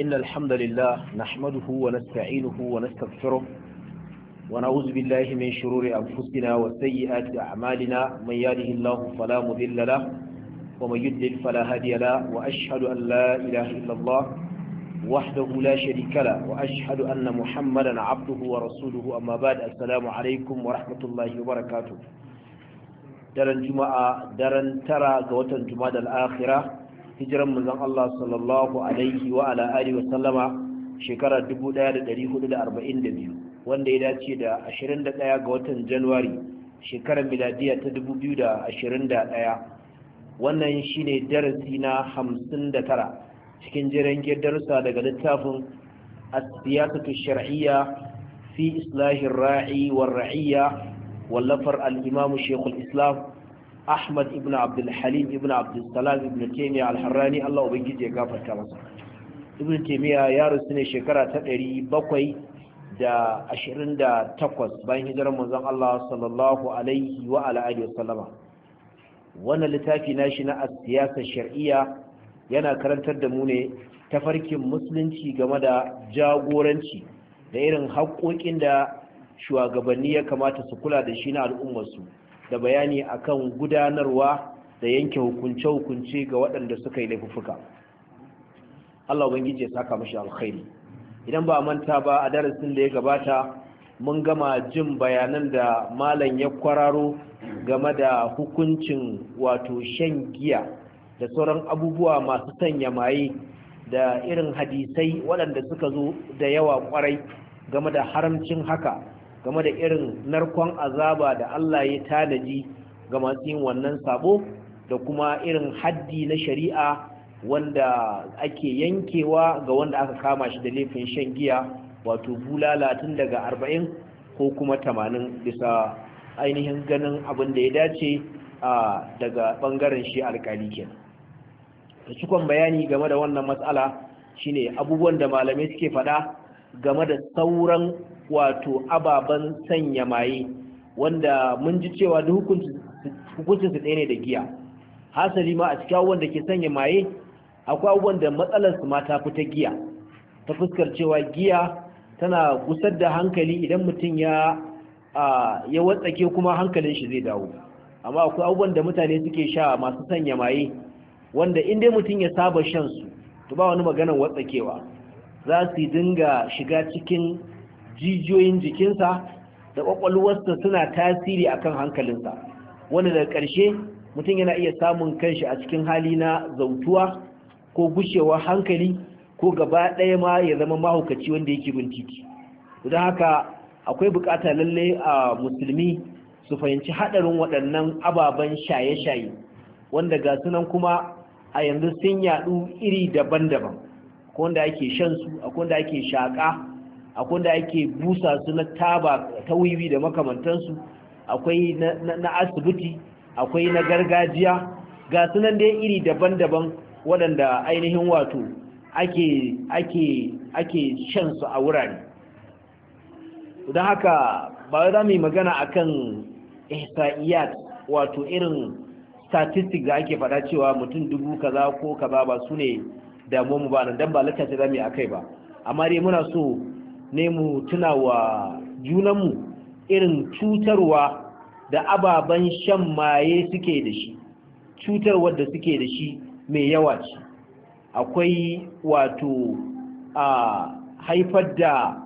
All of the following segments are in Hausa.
إن الحمد لله نحمده ونستعينه ونستغفره ونعوذ بالله من شرور أنفسنا وسيئات أعمالنا من يهده الله فلا مضل له ومن يضلل فلا هادي له وأشهد أن لا إله إلا الله وحده لا شريك له وأشهد أن محمدا عبده ورسوله أما بعد السلام عليكم ورحمة الله وبركاته daren juma'a daren tara ga watan juma'a da al'akhira hijiran manzon Allah sallallahu alaihi wa ala alihi wa sallama shekara 1442 wanda ya dace da 21 ga watan Januwari shekarar miladiya ta 2021 wannan shine darasi na 59 cikin jirangiyar darussa daga littafin as-siyasatu shar'iyya fi islahir ra'i war ra'iyya wallafar al-imam Sheikhul Islam Ahmad ibn Abdul Halim ibn Abdul Salam ibn Taymiyyah al-Harrani Allah ubangije ya gafarta masa Ibn Taymiyyah ya rusu ne shekara ta 728 bayan hijiran manzon Allah sallallahu alaihi wa ala alihi wasallama wannan littafi nashi na as-siyasa shar'iyya yana karantar da mu ne tafarkin musulunci game da jagoranci da irin haƙoƙin da shugabanni ya kamata su kula da shi na al'ummarsu da bayani akan gudanarwa da yanke hukunce-hukunce ga waɗanda suka yi laifuka. Allah ubangiji ya saka mashi alkhairi idan ba manta ba a darasin da ya gabata mun gama jin bayanan da malam ya kwararo game da hukuncin wato shan giya da sauran abubuwa masu sanya maye da irin hadisai waɗanda suka zo da yawa kwarai game da haramcin haka game da irin narkon azaba da Allah ya tanaji ga masu yin wannan sabo da kuma irin haddi na shari'a wanda ake yankewa ga wanda aka kama shi da laifin shan giya wato bulala tun daga arba'in ko kuma tamanin bisa ainihin ganin abin da ya dace daga bangaren shi alkali kenan da cikon bayani game da wannan matsala shine abubuwan da malamai suke faɗa game da sauran wato ababan sanya maye wanda mun ji cewa duk hukuncin su ɗaya ne da giya hasali ma a cikin abubuwan da ke sanya maye akwai abubuwan da matsalar su mata fita giya ta fuskar cewa giya tana gusar da hankali idan mutum ya ya watsake kuma hankalin shi zai dawo amma akwai abubuwan da mutane suke sha masu sanya maye wanda in dai mutum ya saba shan su to ba wani maganar watsakewa za su dinga shiga cikin jijiyoyin jikinsa da ƙwaƙwalwarsa suna tasiri a kan hankalinsa wanda daga ƙarshe mutum yana iya samun kanshi a cikin hali na zautuwa ko gushewar hankali ko gaba ɗaya ma ya zama mahaukaci wanda yake bin titi don haka akwai bukata lalle a musulmi su fahimci haɗarin waɗannan ababen shaye-shaye wanda ga sunan kuma a yanzu sun yaɗu iri daban-daban akwai wanda ake shan su akwai wanda ake shaƙa akwai da ake busa su na taba ta wiwi da makamantansu akwai na asibiti akwai na gargajiya ga sunan dai iri daban-daban waɗanda ainihin wato ake ake ake shan su a wurare don haka ba za mu yi magana akan ihsa'iyat wato irin statistics da ake fada cewa mutum dubu kaza ko kaza ba su ne damuwa mu ba nan dan ba littafi za mu yi akai ba amma dai muna so ne mu tuna wa junanmu irin cutarwa da ababen shan maye suke da shi cutar da suke da shi mai yawa ce akwai wato a haifar da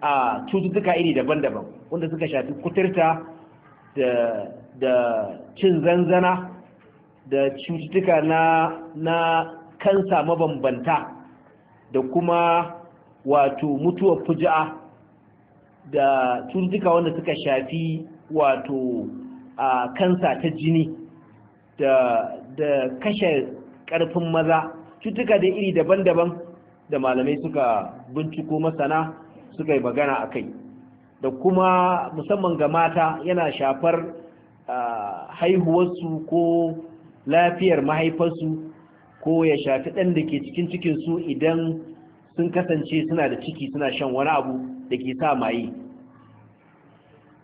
a cututtuka iri daban-daban wanda suka shafi kuturta da, cin zanzana da cututtuka na, na kansa mabambanta da kuma wato mutuwar fuja'a da cututtuka wanda suka shafi wato a kansa ta jini da, da kashe karfin maza cututtuka da iri daban-daban da malamai suka binciko masana suka yi magana a kai da kuma musamman ga mata yana shafar haihuwarsu ko lafiyar mahaifarsu ko ya shafi ɗan da ke cikin cikinsu idan sun kasance suna da ciki suna shan wani abu da ke sa maye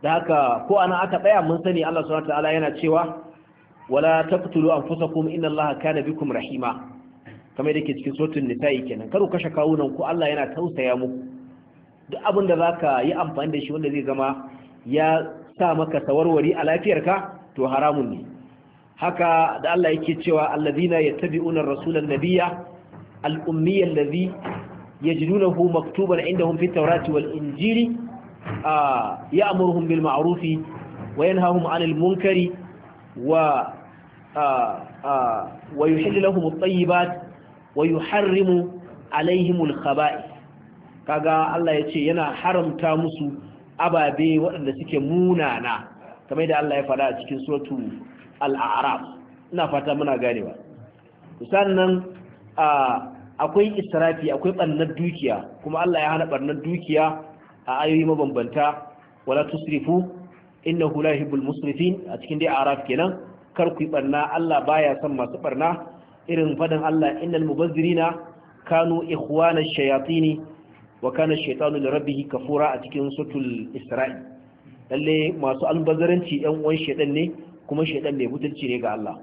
da haka ko ana aka tsaya mun sani Allah subhanahu ta'ala yana cewa wala taqtulu anfusakum inna Allaha kana bikum rahima kamar da ke cikin suratul nisa'i kenan karu kashe kawunan ku Allah yana tausaya muku duk abin da zaka yi amfani da shi wanda zai zama ya sa maka sawarwari a lafiyarka to haramun ne haka da Allah yake cewa allazina yattabi'una rasulan nabiyya al-ummiyya allazi yajidunahu maktuban indahum fi tawrati wal injili ya'muruhum bil ma'rufi wa yanhahum 'anil munkari wa wa yuhillu lahum at-tayyibat wa yuharrimu 'alayhim al-khaba'ith kaga Allah yace yana haramta musu ababe waɗanda suke munana kamar da Allah ya faɗa a cikin suratu al-a'raf ina fata muna ganewa sannan a akwai israfi akwai ɓarnar dukiya kuma Allah ya hana ɓarnar dukiya a ayoyi mabambanta wala tusrifu Inna la yuhibbul musrifin a cikin dai araf kenan kar ku yi ɓarna Allah baya son masu ɓarna irin faɗin Allah innal mubazzirina kanu ikhwana shayatin wa kana shaytanu li rabbihi kafura a cikin suratul isra'i lalle masu albazaranci ɗan uwan shaytan ne kuma shaytan mai mutunci ne ga Allah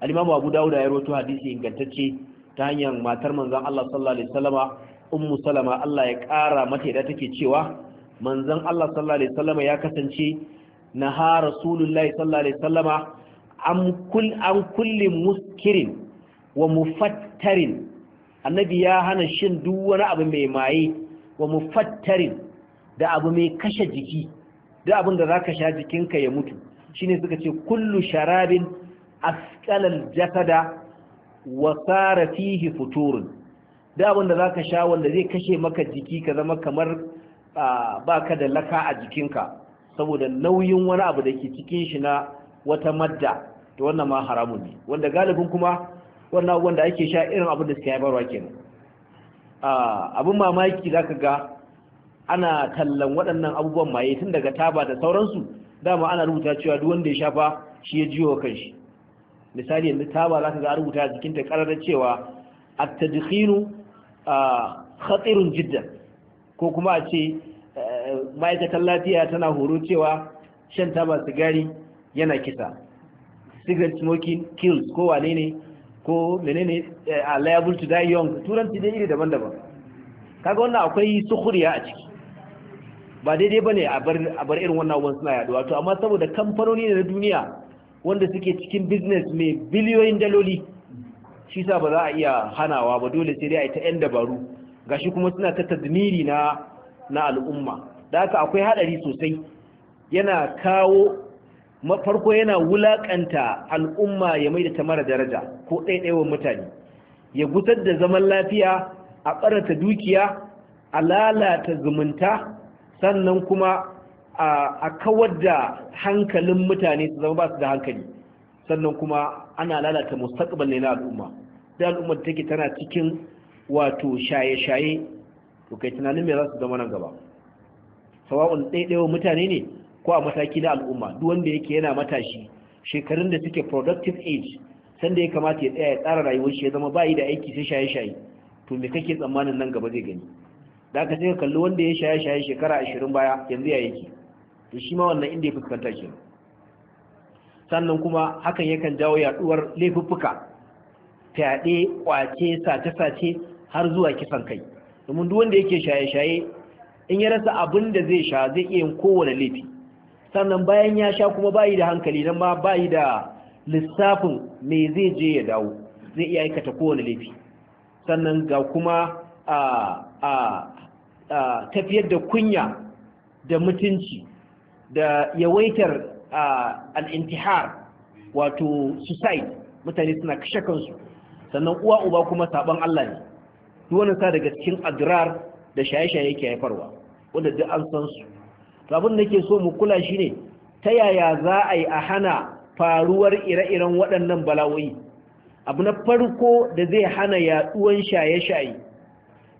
al-imamu Abu Dawud ya rawaito hadisi ingantacce ta hanyar matar manzan Allah sallallahu alaihi wasallama ummu salama Allah ya ƙara mata da take cewa manzan Allah sallallahu alaihi wasallama ya kasance naha rasulullahi sallallahu alaihi wasallama an kulle muskirin wa mufattarin annabi ya hana shin duk wani abu mai maye wa mufattarin da abu mai kashe jiki da abin da zaka sha jikinka ya mutu shine suka ce kullu sharabin asqalal jasada wa sara fihi da abin da zaka sha wanda zai kashe maka jiki ka zama kamar baka da laka a jikinka saboda nauyin wani abu da ke cikin shi na wata madda to wannan ma haramun ne wanda galibin kuma wannan abubuwan da ake sha irin abin da suke haifarwa kenan abin mamaki zaka ga ana tallan waɗannan abubuwan maye tun daga taba da sauransu dama ana rubuta cewa duk wanda ya sha fa shi ya jiwo kanshi misali yanzu taba za ka ga rubuta a jikinta karar cewa at-tadkhinu khatirun jiddan ko kuma a ce eh, ma'aikatan lafiya tana horo cewa shan taba sigari yana kisa cigarette smoking kills ko wane ne ko menene eh, a liable to die young turanci dai iri daban-daban kaga wannan akwai sukuriya a ciki ba daidai bane a bar irin wannan abubuwan suna yaduwa to amma saboda kamfanoni na duniya wanda suke cikin business mai biliyoyin daloli shi sa ba za a iya hanawa ba dole sai dai a yi ta 'yan dabaru Ga shi kuma suna ta tazmiri na na al'umma da haka akwai hadari sosai yana kawo mafarko yana wulaƙanta al'umma ya mai da ta mara daraja ko ɗaiɗaiwan mutane ya gusar da zaman lafiya a ɓarata dukiya a lalata zumunta sannan kuma a kawar da hankalin mutane su zama ba su da hankali sannan kuma ana lalata mustaqbal ne na al'umma da al'umma da take tana cikin wato shaye-shaye to kai tunanin me za su zama nan gaba sawa'un ɗaiɗaiwa mutane ne ko a mataki na al'umma duk wanda yake yana matashi shekarun da suke productive age sanda ya kamata ya tsaya ya tsara rayuwar shi ya zama bayi da aiki sai shaye-shaye to me kake tsammanin nan gaba zai gani da aka ka kalli wanda ya shaye-shaye shekara ashirin baya yanzu ya yake to shi ma wannan inda ya fuskanta shi sannan kuma hakan yakan jawo yaduwar laifuffuka fyaɗe kwace sace-sace har zuwa kisan kai domin duk wanda yake shaye-shaye in ya rasa abin da zai sha zai iya yin kowane laifi sannan bayan ya sha kuma bayi da hankali nan ma bayi da lissafin me zai je ya dawo zai iya aikata kowane laifi sannan ga kuma a tafiyar da kunya da mutunci da yawaitar al'intihar wato suicide mutane suna kashe kansu sannan uwa uba kuma saban Allah ne duwannan sa daga cikin adrar da shaye-shaye yake haifarwa wanda duk an san su abin da ke so mu kula shi ne ta yaya za a yi a hana faruwar ire-iren waɗannan bala'o'i abu na farko da zai hana yaɗuwan shaye-shaye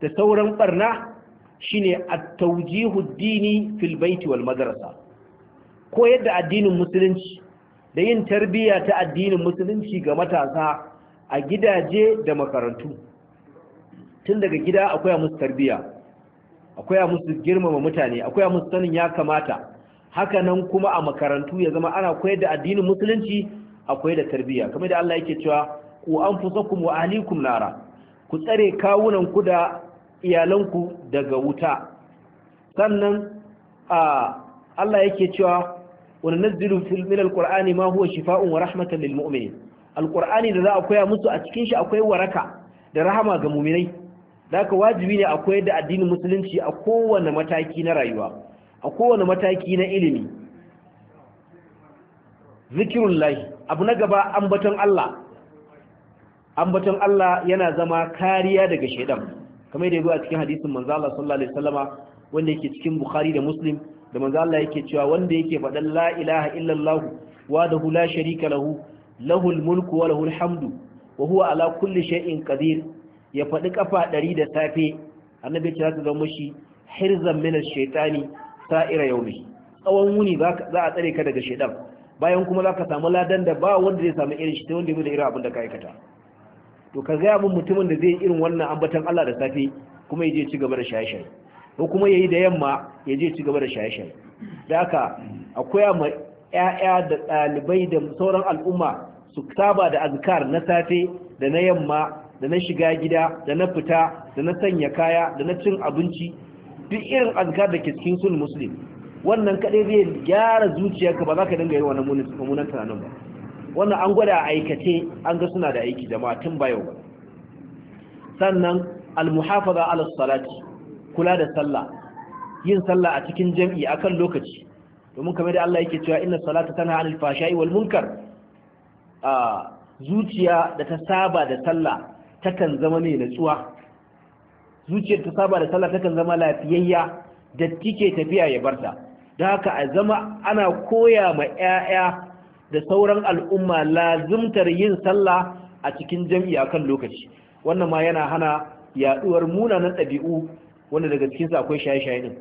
da sauran ɓarna shine at-tawjihu dini fil baiti wal madrasa koyar da addinin musulunci da yin tarbiyya ta addinin musulunci ga matasa a gidaje da makarantu tun daga gida akwai musu tarbiyya akwai musu girmama mutane akwai musu sanin ya kamata haka nan kuma a makarantu ya zama ana koyar da addinin musulunci akwai da tarbiyya kamar da Allah yake cewa ku anfusakum wa ahlikum nara ku tsare kawunan ku da iyalanku daga wuta sannan a Allah yake cewa wa nunzilu min alqur'ani ma huwa shifaa'un wa rahmatan lil mu'minin alqur'ani da za a koya musu a cikin shi akwai waraka da rahama ga mu'minai haka wajibi ne akwai da addinin musulunci a kowane mataki na rayuwa a kowane mataki na ilimi zikirullahi abu na gaba ambaton Allah ambaton Allah yana zama kariya daga shedan kamar da yabo a cikin hadisin manzo Allah sallallahu alaihi wasallama wanda yake cikin Bukhari da Muslim da manzo Allah yake cewa wanda yake faɗan la ilaha illallah wa hu la sharika lahu lahul mulku wa lahul hamdu wa huwa ala kulli shay'in qadir ya faɗi kafa ɗari da safe annabi ya ce zama shi hirzan min ash-shaytani sa'ira yawmi tsawon wuni za a tsare ka daga shaytan bayan kuma za ka samu ladan da ba wanda zai samu irin shi ta wanda bai irin abin da ka aikata to ka gaya min mutumin da zai irin wannan ambaton Allah da safe kuma ya je ci gaba da shaye-shaye ko kuma ya yi da yamma ya je ci gaba da shaye-shaye da haka akwai ma ƴaƴa da ɗalibai da sauran al'umma su saba da azkar na safe da na yamma da na shiga gida da na fita da na sanya kaya da na cin abinci duk irin azkar da ke cikin sun muslim wannan kaɗai zai gyara zuciyarka ba za ka dinga yi wani mummunan tunanin ba wannan an gwada a aikace an ga suna da aiki jama'a tun ba yau ba sannan almuhafaza ala salati kula da sallah yin sallah a cikin jam'i akan lokaci domin kamar da Allah yake cewa inna salata tana anil fashai wal munkar a zuciya da ta saba da sallah takan zama mai natsuwa zuciyar ta saba da sallah takan zama lafiyayya da take tafiya ya barta da haka a zama ana koya ma 'ya'ya da sauran al'umma lazimtar yin sallah a cikin jam'i akan lokaci wannan ma yana hana yaduwar munanan ɗabi'u wanda daga cikinsu akwai shaye-shaye din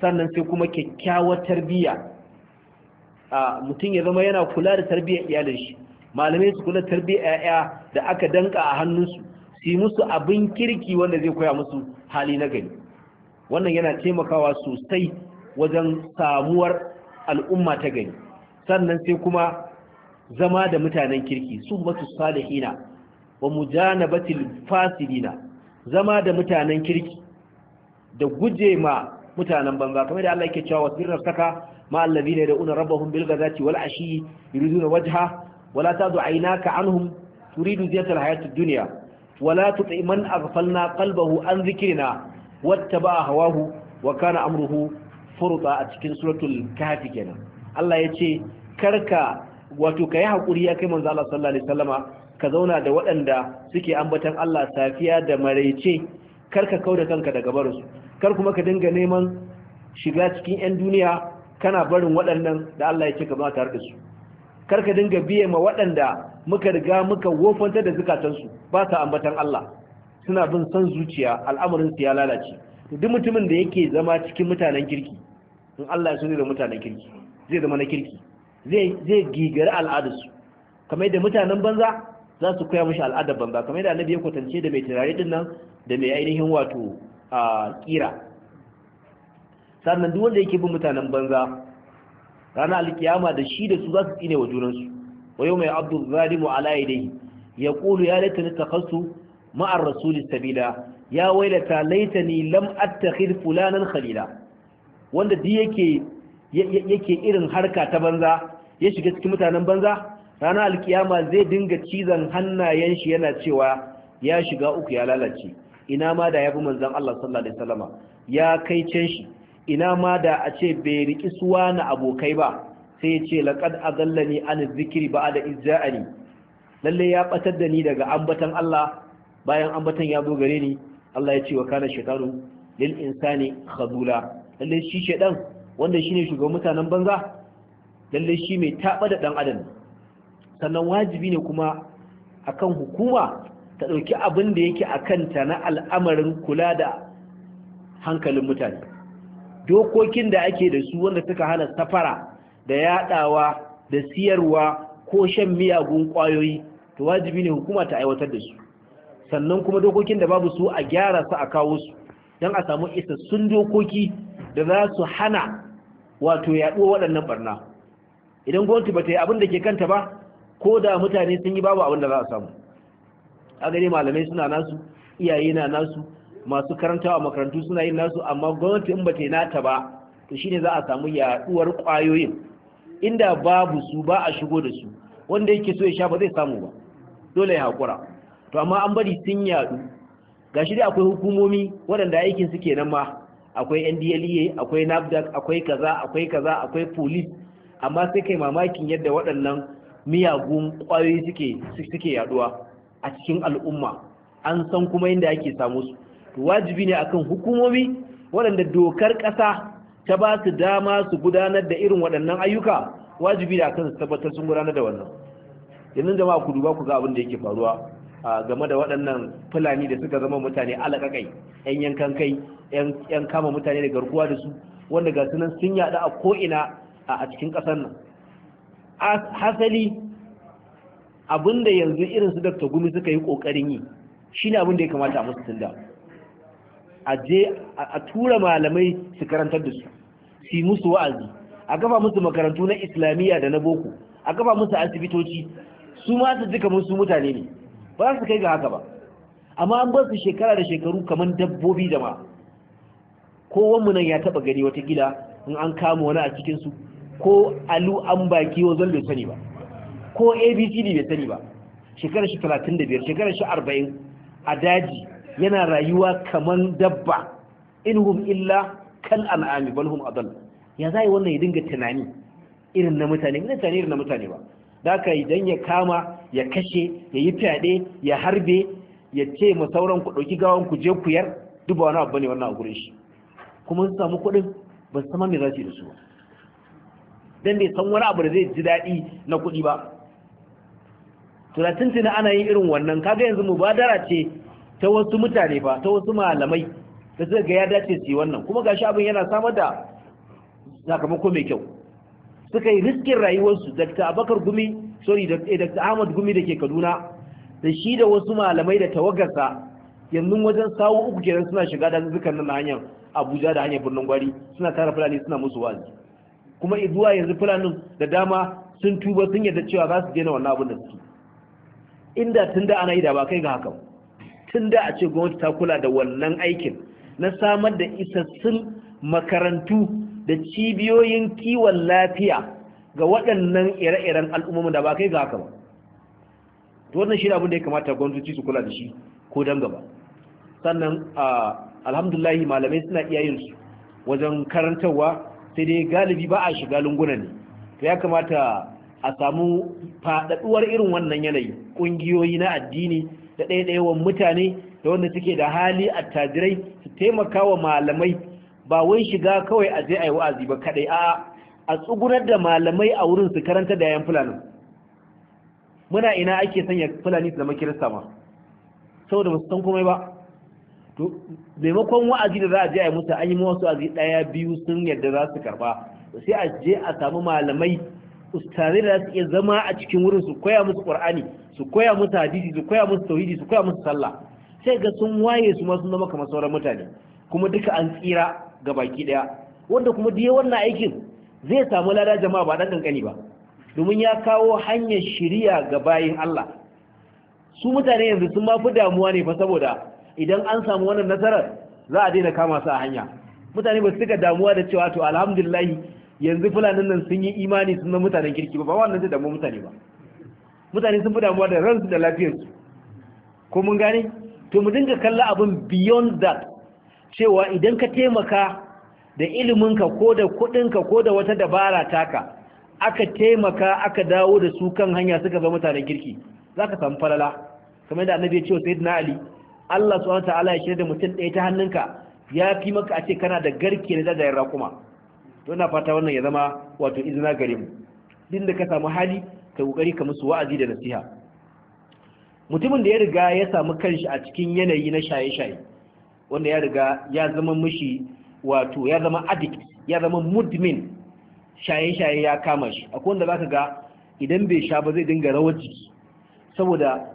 sannan sai kuma kyakkyawar tarbiyya a mutum ya zama yana kula da tarbiyyar iyalin shi malamai su kula tarbiyyar 'ya'ya da aka danka a hannunsu su yi musu abin kirki wanda zai koya musu hali na gari wannan yana taimakawa sosai wajen samuwar al'umma ta gari sannan sai kuma zama da mutanen kirki su masu salihina wa mujanabatil fasidina zama da mutanen kirki da guje ma mutanen banza kamar da Allah yake cewa wasbir saka ma allazina yad'una rabbahum bil ghadati wal ashi yuriduna wajha wala tadu aynaka anhum turidu ziyata al hayatid dunya wala tuti man aghfalna qalbahu an dhikrina wattaba'a hawahu wa kana amruhu furta a cikin suratul kafi kenan Allah yace karka wato kai hakuri ya kai manzo Allah sallallahu alaihi wasallama ka zauna da waɗanda suke ambatan Allah safiya da maraice karka kauda kanka daga barinsu kar kuma ka dinga neman shiga cikin 'yan duniya kana barin waɗannan da Allah ya ce ka ba tare da su kar ka dinga biye ma waɗanda muka riga muka wofantar da zukatansu ba ta ambatan Allah suna bin san zuciya al'amarin su ya lalace duk mutumin da yake zama cikin mutanen kirki in Allah ya so da mutanen kirki zai zama na kirki zai zai gigari al'adarsu kamar yadda mutanen banza za su koya mishi al'adar banza kamar yadda annabi ya kwatance da mai turare din nan da mai ainihin wato a kira sannan duk wanda yake bin mutanen banza ranar alkiyama da shi da su za su tsine wa junansu wa yau mai abdul zalimu ala yadayhi ya kulu ya laita ni takhasu ma'ar rasuli sabila ya wailata laitani lam attakhid fulanan khalila wanda duk yake yake irin harka ta banza ya shiga cikin mutanen banza ranar alkiyama zai dinga cizon hannayen shi yana cewa ya shiga uku ya lalace ina ma da ya bi manzan Allah sallallahu alaihi wasallama ya kai can shi ina ma da a ce bai riki suwa na abokai ba sai ya ce laqad azallani an zikri ba'da izza'ani lalle ya batar da ni daga ambatan Allah bayan ambatan ya zo gare ni Allah ya ce wa kana shaytanu lil insani khadula lalle shi shaydan wanda shine shugaban mutanen banza lalle shi mai taɓa da dan adam sannan wajibi ne kuma akan hukuma ta ɗauki abin da yake a kanta na al'amarin kula da hankalin mutane dokokin da ake da su wanda suka hana safara da yaɗawa da siyarwa ko shan miyagun ƙwayoyi to wajibi ne hukuma ta aiwatar da su sannan kuma dokokin da babu su a gyara su a kawo su don a samu isassun dokoki da za su hana wato yaɗo waɗannan barna idan gwamnati ba ta yi abin da ke kanta ba ko da mutane sun yi babu abin da za a samu kaga ne malamai suna nasu iyaye na nasu masu karanta a makarantu suna yin nasu amma gwamnati in bata yi nata ba to shine za a samu yaduwar kwayoyin inda babu su ba a shigo da su wanda yake so ya sha ba zai samu ba dole ya hakura to amma an bari sun yadu gashi dai akwai hukumomi waɗanda aikin su kenan ma akwai NDLEA akwai NAFDAC akwai kaza akwai kaza akwai police amma sai kai mamakin yadda waɗannan miyagun kwayoyi suke suke yaduwa a cikin al'umma an san kuma yadda ake samu su wajibi ne akan hukumomi waɗanda dokar ƙasa ta ba su dama su gudanar da irin waɗannan ayyuka wajibi ne akan su tabbatar sun gudanar da wannan yanzu jama'a ku duba ku ga abin da yake faruwa game da waɗannan fulani da suka zama mutane alaƙaƙai yan yankan kai yan kama mutane da garkuwa da su wanda ga sunan sun yaɗu a ko'ina a cikin ƙasar nan hasali Abin da yanzu irin su dakta Gumi suka yi kokarin yi shi ne abin da ya kamata a musu tunda a je a tura malamai su karantar da su su musu wa'azi a kafa musu makarantu na islamiyya da na boko a kafa musu asibitoci su ma su jika musu mutane ne ba su kai ga haka ba amma an ba su shekara da shekaru kamar dabbobi da ma. Ko wanmu nan ya taba gani wata gida in an kama wani a cikinsu ko alu an baki wa zan sani ba ko abcd bai sani ba shekarar shi 35 shekarar shi 40 a daji yana rayuwa kaman dabba inhum illa kal an'ami bal hum adall ya zai wannan ya dinga tunani irin na mutane ne tunani irin na mutane ba da ka idan ya kama ya kashe ya yi fyaɗe ya harbe ya ce ma sauran ku ɗauki gawan ku je ku yar duba wani abu ne wannan a gurin shi kuma su samu kuɗin ba su sama me za su yi da su ba dan bai san wani abu da zai ji daɗi na kuɗi ba to na ana yin irin wannan kaga yanzu mubadara ce ta wasu mutane ba ta wasu malamai da suka ga ya dace su yi wannan kuma gashi abin yana samar da sakamako mai kyau suka yi riskin rayuwarsu dr abakar gumi sorry dr eh, ahmad gumi da ke kaduna da shi da wasu malamai da tawagarsa yanzu wajen sawu uku kenan suna shiga da zuzzukan nan hanyar abuja da hanyar birnin gwari suna tara fulani suna musu wazi. kuma zuwa yanzu fulanin da dama sun tuba sun yarda cewa za su daina wannan abin da suke inda tun da ana yi da ba kai ga haka tun da a ce gwamnati ta kula da wannan aikin na samar da isassun makarantu da cibiyoyin kiwon lafiya ga waɗannan ire-iren al'ummomin da ba kai ga haka ba to wannan shi ne abin da ya kamata gwamnati su kula da shi ko dan gaba sannan alhamdulahi malamai suna iya yin su wajen karantarwa sai dai galibi ba a shiga lunguna ne to ya kamata a samu faɗaɗuwar irin wannan yanayi ƙungiyoyi na addini da wa mutane da wanda suke da hali attajirai su taimaka wa malamai ba wai shiga kawai a je a yi wa'azi ba kaɗai a a tsugunar da malamai a wurin su karanta da yan fulani muna ina ake sanya fulani su zama kirista ma saboda ba su san komai ba to maimakon wa'azi da za a je a yi musu an yi wasu wa'azi ɗaya biyu sun yadda za su karɓa sai a je a samu malamai ustazai da su iya zama a cikin wurin su koya musu ƙwar'ani su koya musu hadisi su koya musu tauhidi su koya musu sallah sai ga sun waye su ma sun zama kamar sauran mutane kuma duka an tsira ga baki daya wanda kuma duk wannan aikin zai samu lada jama'a ba dan kankani ba domin ya kawo hanyar shiriya ga bayin Allah su mutane yanzu sun ma fi damuwa ne fa saboda idan an samu wannan nasarar za a daina kama su a hanya mutane ba su suka damuwa da cewa to alhamdulillahi yanzu fulanin nan sun yi imani sun na mutanen kirki ba wannan zai damu mutane ba mutane sun fi damuwa da ransu da lafiyarsu ko mun gane to mu dinga kalla abin beyond that cewa idan ka taimaka da iliminka ko da kuɗinka ko da wata dabara ka aka taimaka aka dawo da su kan hanya suka zama mutanen kirki za ka samu falala kamar da annabi ya ce wa sayyidina ali Allah subhanahu wa ta'ala ya shirya da mutum ɗaya ta hannunka ya fi maka a ce kana da garke na da kuma. to fata wannan ya zama wato izina gare mu din da ka samu hali ka kokari ka musu wa'azi da nasiha mutumin da ya riga ya samu kanshi a cikin yanayi na shaye-shaye wanda ya riga ya zama mishi wato ya zama addict ya zama mudmin shaye-shaye ya kama shi akwai wanda zaka ga idan bai sha ba zai dinga rawar jiki saboda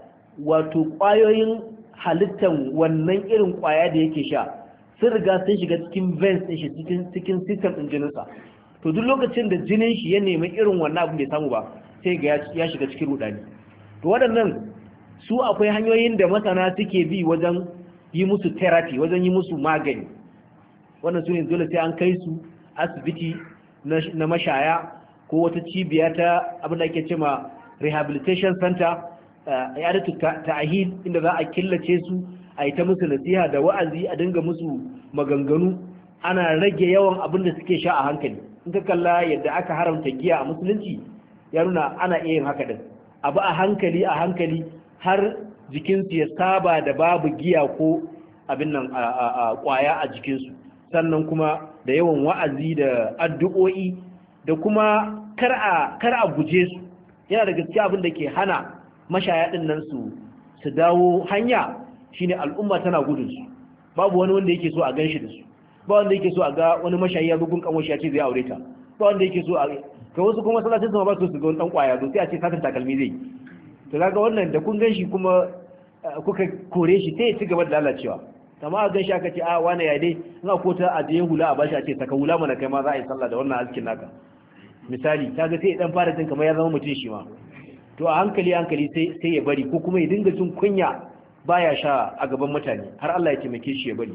wato kwayoyin halittan wannan irin kwaya da yake sha sun riga sun shiga cikin vents ɗin shi cikin cikin system ɗin jininsa to duk lokacin da jinin shi ya nemi irin wannan abin bai samu ba sai ga ya shiga cikin rudani to waɗannan su akwai hanyoyin da masana suke bi wajen yi musu therapy wajen yi musu magani wannan su ne dole sai an kai su asibiti na mashaya ko wata cibiya ta abin da ake cema rehabilitation center eh, ya da ta'ahil inda za a killace su a yi ta musu nasiha da wa'azi a dinga musu maganganu ana rage yawan abin da suke sha a hankali in ka kalla yadda aka haramta giya a musulunci ya nuna ana iya yin haka din abu a hankali a hankali har jikinsu ya saba da babu giya ko abin nan a kwaya a jikinsu sannan kuma da yawan wa'azi da addu'o'i da kuma kar a guje su yana da gaske abin da ke hana mashaya ɗin nan su su dawo hanya shine al'umma tana gudun su babu wani wanda yake so a ganshi da su ba wanda yake so a ga wani mashayi ya bugun kan ya ce zai aure ta ba wanda yake so a ga wasu kuma salacin sama ba su su ga wani dan kwaya zo sai a ce satar takalmi zai to kaga wannan da kun ganshi kuma kuka kore shi sai ya ci gaba da lalacewa amma a ganshi aka ce a wani ya dai in a kota a je hula a bashi a ce saka hula mana kai ma za a yi sallah da wannan askin naka misali ga sai ya dan fara jin kamar ya zama mutum shi ma to a hankali hankali sai ya bari ko kuma ya dinga jin kunya baya sha a gaban mutane har Allah ya taimake shi ya bari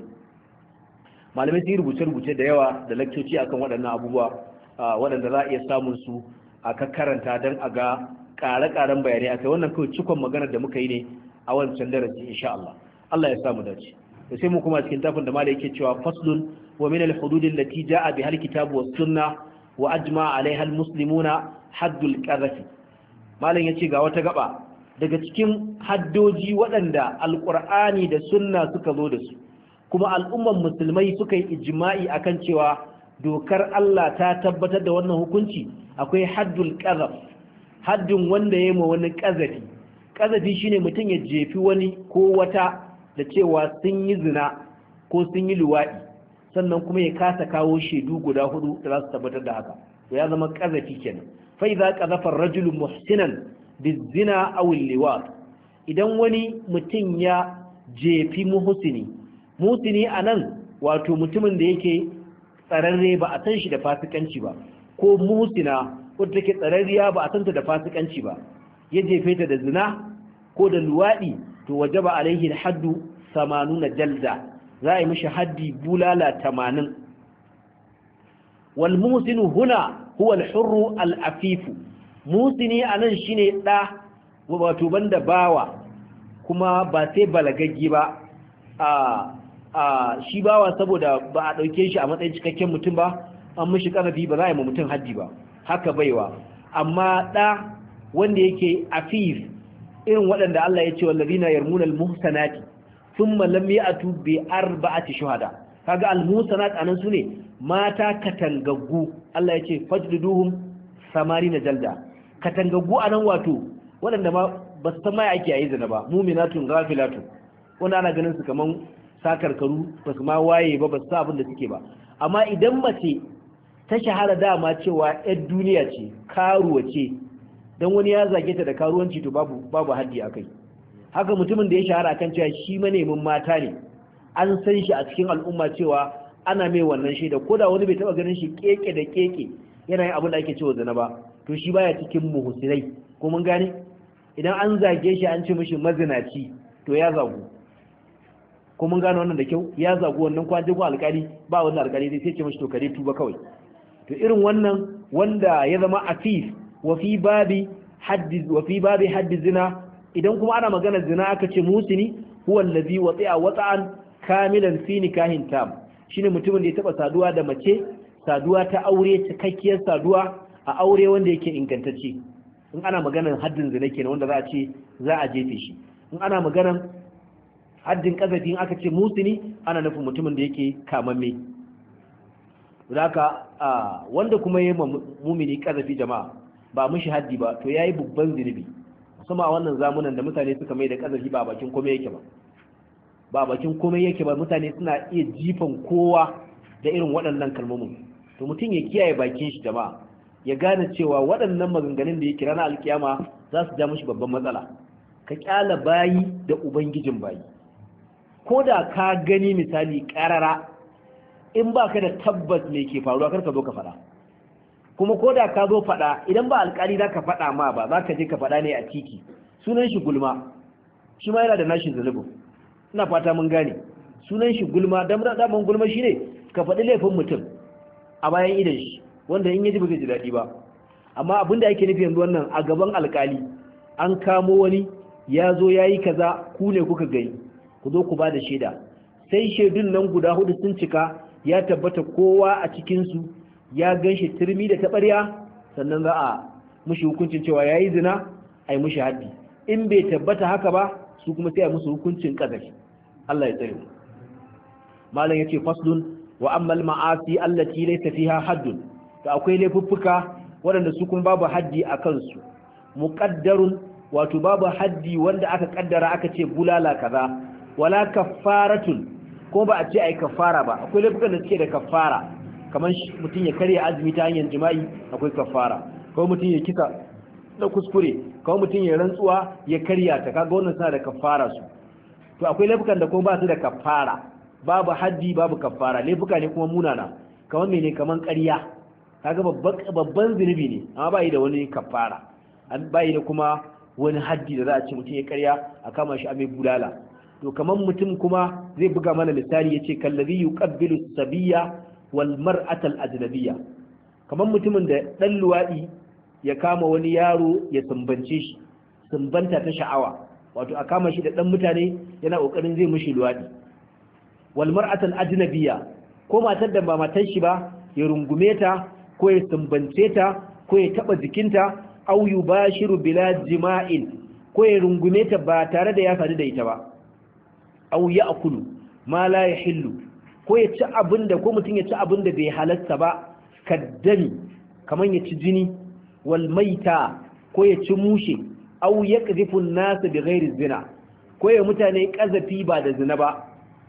malamai sun yi rubuce-rubuce da yawa da lakcoci akan waɗannan abubuwa waɗanda za a iya samun su a karanta don a ga ƙare-ƙaren bayanai kai wannan kawai cikon maganar da muka yi ne a wancan darasi insha Allah Allah ya samu dace da sai mu kuma cikin tafin da malai yake cewa faslun wa min al-hudud allati ja'a bi al-kitabu wa sunna wa ajma'a alaiha al-muslimuna haddul qadhafi malam yace ga wata gaba daga cikin haddoji waɗanda alƙur'ani da sunna suka zo da su kuma al'umman musulmai suka yi ijima'i akan cewa dokar Allah ta tabbatar da wannan hukunci akwai haddul ƙazaf haddun wanda ya ma wani ƙazafi ƙazafi shine mutum ya jefi wani ko wata da cewa sun yi zina ko sun yi luwaɗi sannan kuma ya kasa kawo shaidu guda hudu da za su tabbatar da haka ya zama ƙazafi kenan fa idza qazafa ar-rajulu muhsinan bizina awil liwa idan wani mutum ya jefi muhsini a anan wato mutumin da yake tsararre ba a san shi da fasikanci ba ko muhsina wadda take tsararriya ba a san ta da fasikanci ba ya jefe ta da zina ko da luwaɗi, to waje wajaba alaihi haddu 80 jalda za a yi mishi haddi bulala tamanin. wal muhsinu huna huwa al-hurru al-afifu musini a nan shi ne ɗa wato banda bawa kuma ba sai balagaggi ba a shi bawa saboda ba a ɗauke shi a matsayin cikakken mutum ba an mishi ƙarfi ba za a yi ma mutum hajji ba haka baiwa amma ɗa wanda yake afif irin waɗanda Allah ya ce na yarmuna almuhsanati thumma lam ya'tu bi arba'ati shuhada kaga almuhsanat anan sune mata katangaggu Allah ya ce samari na jalda katangagu a nan wato waɗanda ba ba su ma ake yi zina ba muminatun ghafilatun wanda ana ganin su kaman sakarkaru ba su ma waye ba ba su abin da suke ba amma idan mace ta shahara dama cewa yar duniya ce karuwa ce dan wani ya zage ta da karuwanci to babu babu haddi akai haka mutumin da ya shahara kan cewa shi manemin mata ne an san shi a cikin al'umma cewa ana mai wannan shaida ko da wani bai taba ganin shi keke da keke yana yin abin da ake cewa zina ba to shi baya cikin muhsinai ko mun gane idan an zage shi an ce mishi mazinaci to ya zagu ko mun gane wannan da kyau ya zagu wannan kwaje ko alƙali ba wannan alƙali zai sai ce mishi to kare tuba kawai to irin wannan wanda ya zama afif wa fi babi haddi wa fi babi haddi zina idan kuma ana magana zina aka ce musini huwa allazi wati'a wata'an kamilan fi nikahin tam shine mutumin da ya taba saduwa da mace saduwa ta aure cikakkiyar saduwa a aure wanda yake ingantacce in ana maganar haddin zina kenan wanda za a ce za a jefe shi in ana maganar haddin kazafi in aka ce musuni ana nufin mutumin da yake kamamme zaka wanda kuma yayi mumini kazafi jama'a ba mushi haddi ba to yayi babban zinubi kuma a wannan zamunan da mutane suka mai da kazafi ba bakin komai yake ba ba bakin komai yake ba mutane suna iya jifan kowa da irin waɗannan kalmomin to mutum ya kiyaye bakin shi jama'a ya gane cewa waɗannan maganganun da ya kira na alkiyama za su ja mashi babban matsala ka kyala bayi da ubangijin bayi ko da ka gani misali karara in ba ka da tabbas me ke faruwa kar ka zo ka faɗa kuma ko da ka zo faɗa idan ba alƙali za ka faɗa ma ba za ka je ka faɗa ne a kiki. sunan shi gulma shi ma yana da nashi zunubin ina fata mun gane sunan shi gulma dan daman gulma shine ka faɗi laifin mutum a bayan idan shi wanda in yaji ba zai ji daɗi ba amma abin da ake nufi yanzu wannan a gaban alkali an kamo wani ya zo ya yi kaza ku ne kuka gani ku zo ku ba da shaida sai shaidun nan guda hudu sun cika ya tabbata kowa a cikinsu ya ganshi turmi da taɓarya sannan za a mushi hukuncin cewa ya yi zina ai yi mushi haddi in bai tabbata haka ba su kuma sai a musu hukuncin ƙazari Allah ya tsare mu malam yace faslun wa ammal ma'asi allati laysa fiha haddun to akwai laifuffuka waɗanda su kuma babu haddi a kansu muqaddarun wato babu haddi wanda aka kaddara aka ce bulala kaza wala kaffaratun ko ba a ce ai kaffara ba akwai laifukan da suke da kaffara kamar mutum ya karya azumi ta hanyar jima'i akwai kaffara ko mutum ya kisa da kuskure ko mutum ya rantsuwa ya karya ta kaga wannan suna da kaffara su to akwai laifukan da kuma ba su da kaffara babu haddi babu kaffara laifuka ne kuma munana kamar mene kamar karya? kaga babban zunubi ne amma ba da wani kafara an ba da kuma wani haddi da za a ce mutum ya karya a kama shi a mai bulala to kamar mutum kuma zai buga mana misali ya ce kallabi yuqabbilu sabiyya wal mar'atal ajnabiyya kamar mutumin da ɗan luwaɗi ya kama wani yaro ya sumbance shi sumbanta ta sha'awa wato a kama shi da ɗan mutane yana ƙoƙarin zai mushi luwaɗi wal mar'atal ajnabiyya ko matar da ba matar shi ba ya rungume ta ko ya sumbance ta ko ya taba jikinta au yubashiru bila jima'in ko ya rungume ta ba tare da ya faru da ita ba au ya'kulu ma la yahillu ko ya ci abinda ko mutum ya ci abinda bai halarta ba kaddami kaman ya ci jini wal maita ko ya ci mushe au yaqdhifu nasa nas ghairi zina ko ya mutane kazafi ba da zina ba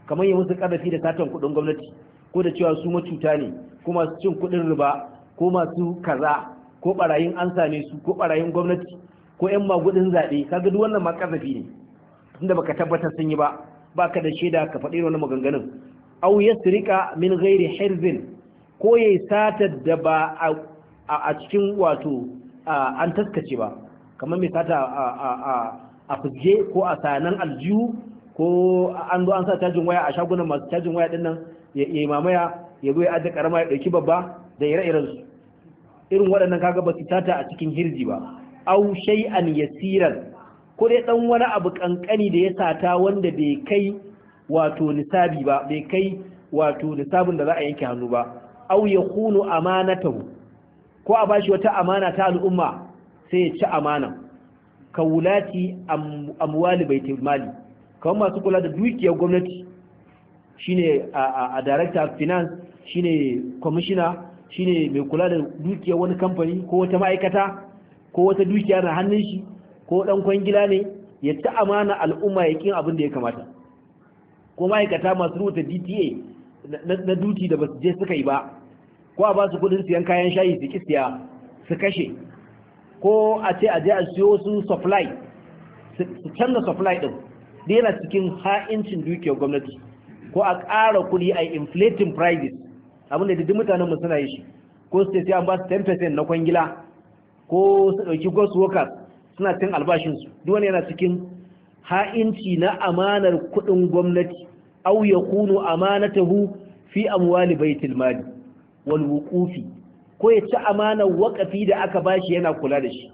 kamar ya musu kazafi da satan kudin gwamnati ko da cewa su macuta ne kuma su cin kudin riba ko masu kaza ko barayin an same su ko barayin gwamnati ko yan magudin zaɓe kaga duk wannan ma ƙarfafi ne tunda baka tabbatar sun yi ba baka da shaida ka faɗi wani maganganun aw yasrika min ghairi hirzin ko yayi satar da ba a cikin wato an taskace ba kamar mai sata a fuje ko a sanan aljihu ko an zo an sa cajin waya a shagunan masu cajin waya dinnan ya yi mamaya ya zo ya ajiye karama ya ɗauki babba da ire-irensu irin waɗannan kaga ba su tata a cikin hirji ba au ya yasiran ko dai ɗan wani abu ƙanƙani da ya sata wanda bai kai wato nisabi ba bai kai wato nisabin da za a yanke hannu ba au ya yakunu amanatan ko a bashi wata amana ta al'umma sai ya ci amana ka wulati amwali bai mali kawai masu kula da dukiyar gwamnati shine a, director of finance shine commissioner shine mai kula da dukiyar wani kamfani ko wata ma'aikata ko wata dukiya na hannun shi ko dan kwangila ne ya ta amana al'umma ya kin abin da ya kamata ko ma'aikata masu rubuta DTA na duti da basu je suka yi ba ko a ba su kudin siyan kayan shayi su kisiya su kashe ko a ce a je a siyo su supply su canza supply din da yana cikin ha'incin dukiyar gwamnati ko a ƙara kuɗi a inflating prices abin da duk mutanen mu suna yi shi ko su sai an ba su 10% na kwangila ko su ɗauki ghost workers suna cin albashinsu. su duk wani yana cikin ha'inci na amanar kuɗin gwamnati aw kunu amanatahu fi amwali baitul mali wal wuqufi ko ya ci amanar wakafi da aka bashi yana kula da shi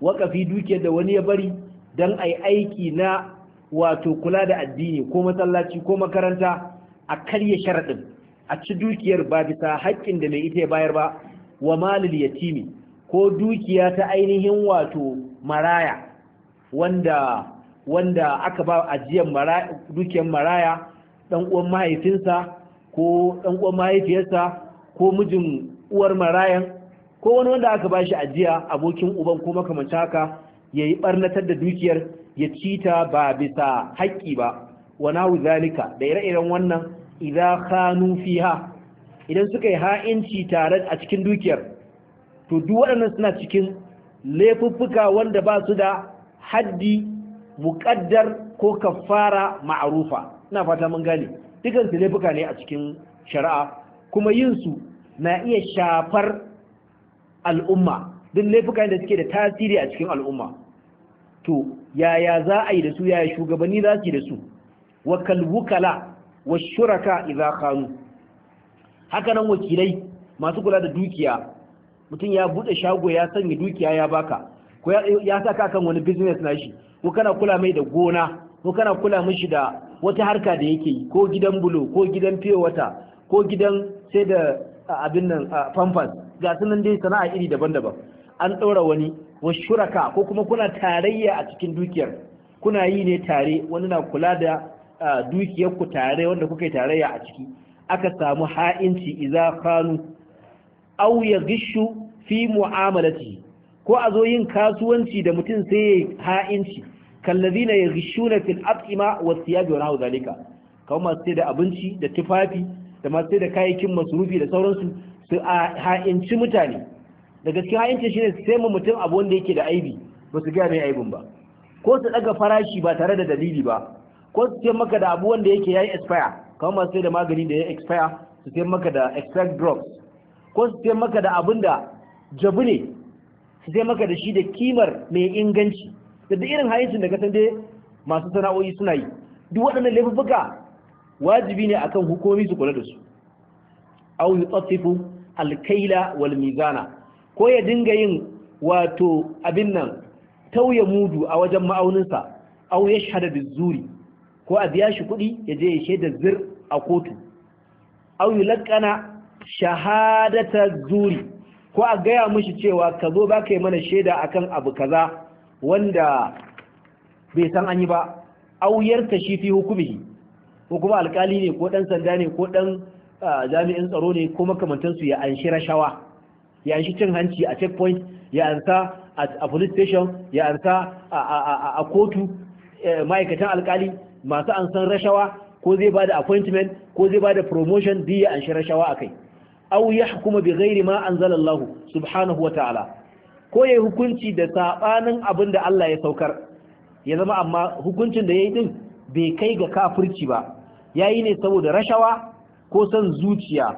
wakafi dukiyar da wani ya bari dan ai aiki na wato kula da addini ko masallaci ko makaranta a karya sharaɗin a ci dukiyar ba bisa haƙƙin da mai ita ya bayar ba wa malil yatimi ko dukiya ta ainihin wato maraya wanda wanda aka ba ajiyar dukiyar maraya dan uwan mahaifinsa ko dan uwan mahaifiyarsa ko mijin uwar marayan ko wani wanda aka ba shi ajiya abokin uban ko makamancin haka yayi barnatar da dukiyar ya ta ba bisa haƙƙi ba wa nahu zalika da ire-iren wannan idza khanu fiha idan suka yi ha'inci tare a cikin dukiyar to duk waɗannan suna cikin laifuffuka wanda ba su da haddi muƙaddar ko kafara ma'arufa ina fata mun gane dukan laifuka ne a cikin shari'a kuma yin su na iya shafar al'umma duk laifuka da suke da tasiri a cikin al'umma to yaya za a yi da su yaya shugabanni za su yi da su wakal wukala washuraka idan idza khanu haka nan wakilai masu kula da dukiya mutum ya bude shago ya sanya dukiya ya baka ko ya saka kan wani business nashi ko kana kula mai da gona ko kana kula mishi da wata harka da yake yi ko gidan bulo ko gidan fiye wata ko gidan sai da abin nan pampas ga sunan dai sana'a iri daban-daban an ɗora wani washuraka ko kuma kuna tarayya a cikin dukiyar kuna yi ne tare wani na kula da dukiyarku tare wanda kuka yi tarayya a ciki aka samu ha'inci iza kanu aw ya gishu fi mu'amalati ko a zo yin kasuwanci da mutum sai ya ha'inci kallazina ya gishu na fil at'ima wa siyabi wa nahu zalika kawai masu sai da abinci da tufafi da masu sai da kayayyakin masurufi da sauransu su a ha'inci mutane da cikin ha'inci shine sai mu mutum abu wanda yake da aibi ba su gaya mai aibin ba ko su daga farashi ba tare da dalili ba ko su ce maka da abu wanda yake yayi expire kamar masu da magani da ya expire su ce maka da extract drugs ko su ce maka da abin da jabu ne su ce maka da shi da kimar mai inganci da duk irin hayancin da kasan masu sana'o'i suna yi duk waɗannan laifuka wajibi ne akan hukumomi su kula da su au yutassifu alkaila wal mizana ko ya dinga yin wato abin nan tauye mudu a wajen ma'auninsa aw yashhadu bizuri ko a biya shi kuɗi ya je ya shaida zir a kotu au yulqana shahadata zuri ko a gaya mishi cewa ka zo ba ka yi mana shaida akan abu kaza wanda bai san an yi ba au yarta shi fi hukumihi ko kuma alkali ne ko dan sanda ne ko dan jami'in tsaro ne ko makamantansu ya anshi rashawa ya anshi cin hanci a checkpoint ya ansa a police station ya ansa a kotu eh, ma'aikatan alkali masu an san rashawa ko zai bada appointment ko zai ba da promotion duk ya anshi rashawa akai aw hukuma bi ghairi ma anzalallahu subhanahu wa ta'ala ko yayi hukunci da sabanin abinda da Allah ya saukar ya zama amma hukuncin da yayi din bai kai ga kafirci ba yayi ne saboda rashawa ko san zuciya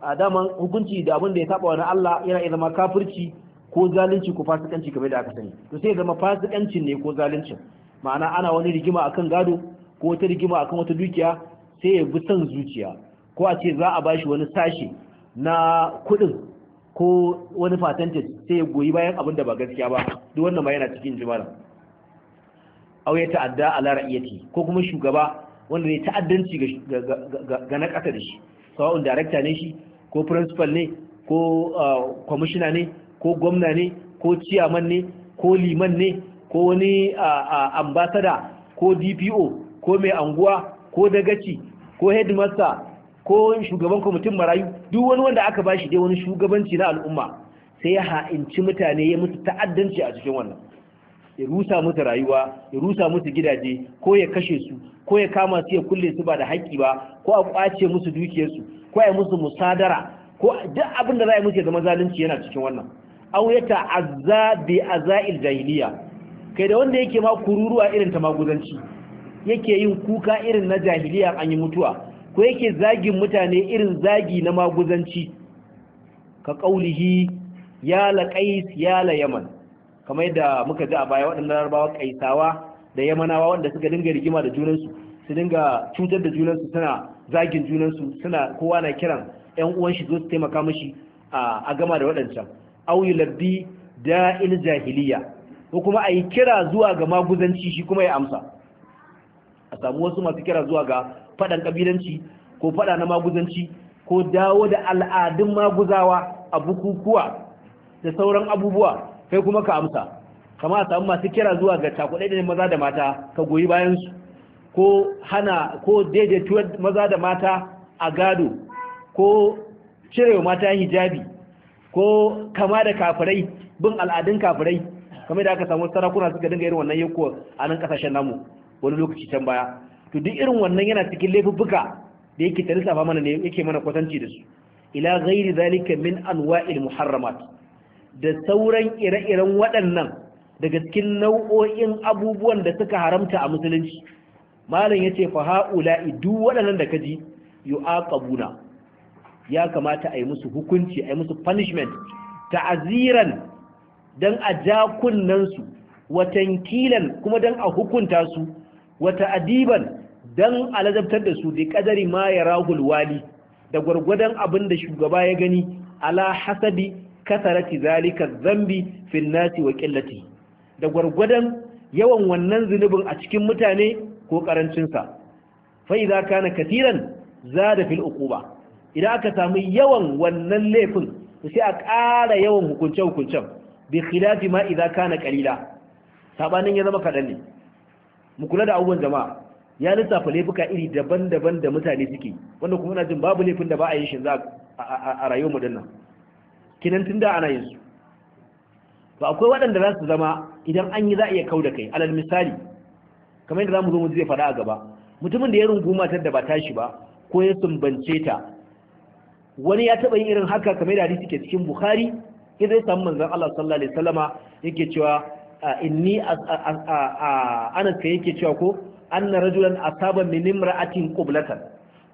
a daman hukunci da abin ya saba wa Allah yana iya zama kafirci ko zalunci ko fasikanci game da aka sani to sai ya zama fasikancin ne ko zaluncin ma'ana ana wani rigima akan gado ko wata rigima akan wata dukiya sai ya bi son zuciya ko a ce za a ba shi wani sashi na kuɗin ko wani fatanta sai ya goyi bayan abin da ba gaskiya ba duk wannan ma yana cikin jimala au ya ta'adda ala ra'iyati ko kuma shugaba wanda ne ta'addanci ga na ƙasa da shi sawa'un director ne shi ko principal ne ko ah, commissioner ne ko gwamna ne ko chairman ne ko liman ne ko wani ambasada ko dpo ko mai anguwa ko dagaci ko headmaster ko shugaban kwamitin marayu duk wani wanda aka shi dai wani shugabanci na al'umma sai ya ha'inci mutane ya musu ta'addanci a cikin wannan ya rusa musu rayuwa ya rusa musu gidaje ko ya kashe su ko ya kama su ya kulle su ba da haƙƙi ba ko a ƙwace musu dukiyarsu ko a yi musu musadara ko duk abin da za a yi musu ya zama zalunci yana cikin wannan auyata azza bi azail jahiliya kai da wanda yake ma kururuwa irin ta maguzanci yake yin kuka irin na jahiliya an yi mutuwa ko yake zagin mutane irin zagi na maguzanci ka kaulihi ya la qais ya la yaman kamar yadda muka ji a baya waɗannan larabawa kaisawa da yamanawa wanda suka dinga rigima da junansu su dinga cutar da junansu suna zagin junansu suna kowa na kiran yan uwan shi zo su taimaka mishi a gama da waɗancan au yulabbi da'il jahiliya ko kuma a yi kira zuwa ga maguzanci shi kuma ya amsa a samu wasu masu kira zuwa ga faɗan kabilanci ko faɗa na maguzanci ko dawo da al'adun maguzawa a bukukuwa da sauran abubuwa kai kuma ka amsa kama a samu masu kira zuwa ga cakuɗe da maza da mata ka goyi bayansu ko hana ko daidaituwa maza da mata a gado ko cirewa mata hijabi ko kama da kafirai bin al'adun kafirai kamar da aka samu sarakuna suka dinga irin wannan yakko a nan kasashen namu wani lokaci can baya to duk irin wannan yana cikin laifuffuka da yake ta lissafa mana ne yake mana kwatanci da su ila ghairi zalika min anwa'il muharramat da sauran ire-iren waɗannan daga cikin nau'o'in abubuwan da suka haramta a musulunci malam yace fa haula duk waɗannan da kaji yu'aqabuna ya kamata a yi musu hukunci a yi musu punishment ta'aziran Dan a ja kunnansu watan kilan kuma dan a hukunta su wata adiban don a lazabtar da su da kadari ma ya rahul wali da gwargwadon abin da shugaba ya gani ala hasabi kasarati zalika zambi fil nasi wa qillati da gwargwadon yawan wannan zunubin a cikin mutane ko karancin sa fa idza kana katiran zada fil uquba idan aka samu yawan wannan laifin sai a ƙara yawan hukunce hukuncen bi khilafi ma idza kana qalila sabanin ya zama kadan ne mu kula da abubuwan jama'a ya lissafa laifuka iri daban-daban da mutane suke wanda kuma ina jin babu laifin da ba a yi shi za a rayuwar mu dinnan kinan tun da ana yin su ba akwai waɗanda za su zama idan an yi za a iya kau da kai alal misali kamar yadda za mu zo mu zai faɗa a gaba mutumin da ya runguma da ba tashi ba ko ya sumbance ta wani ya taɓa yin irin haka kamar da hadisi ke cikin bukhari in zai samu manzon Allah sallallahu alaihi wasallama yake cewa inni anas kai yake cewa ko anna rajulan asaba min imra'atin qiblatan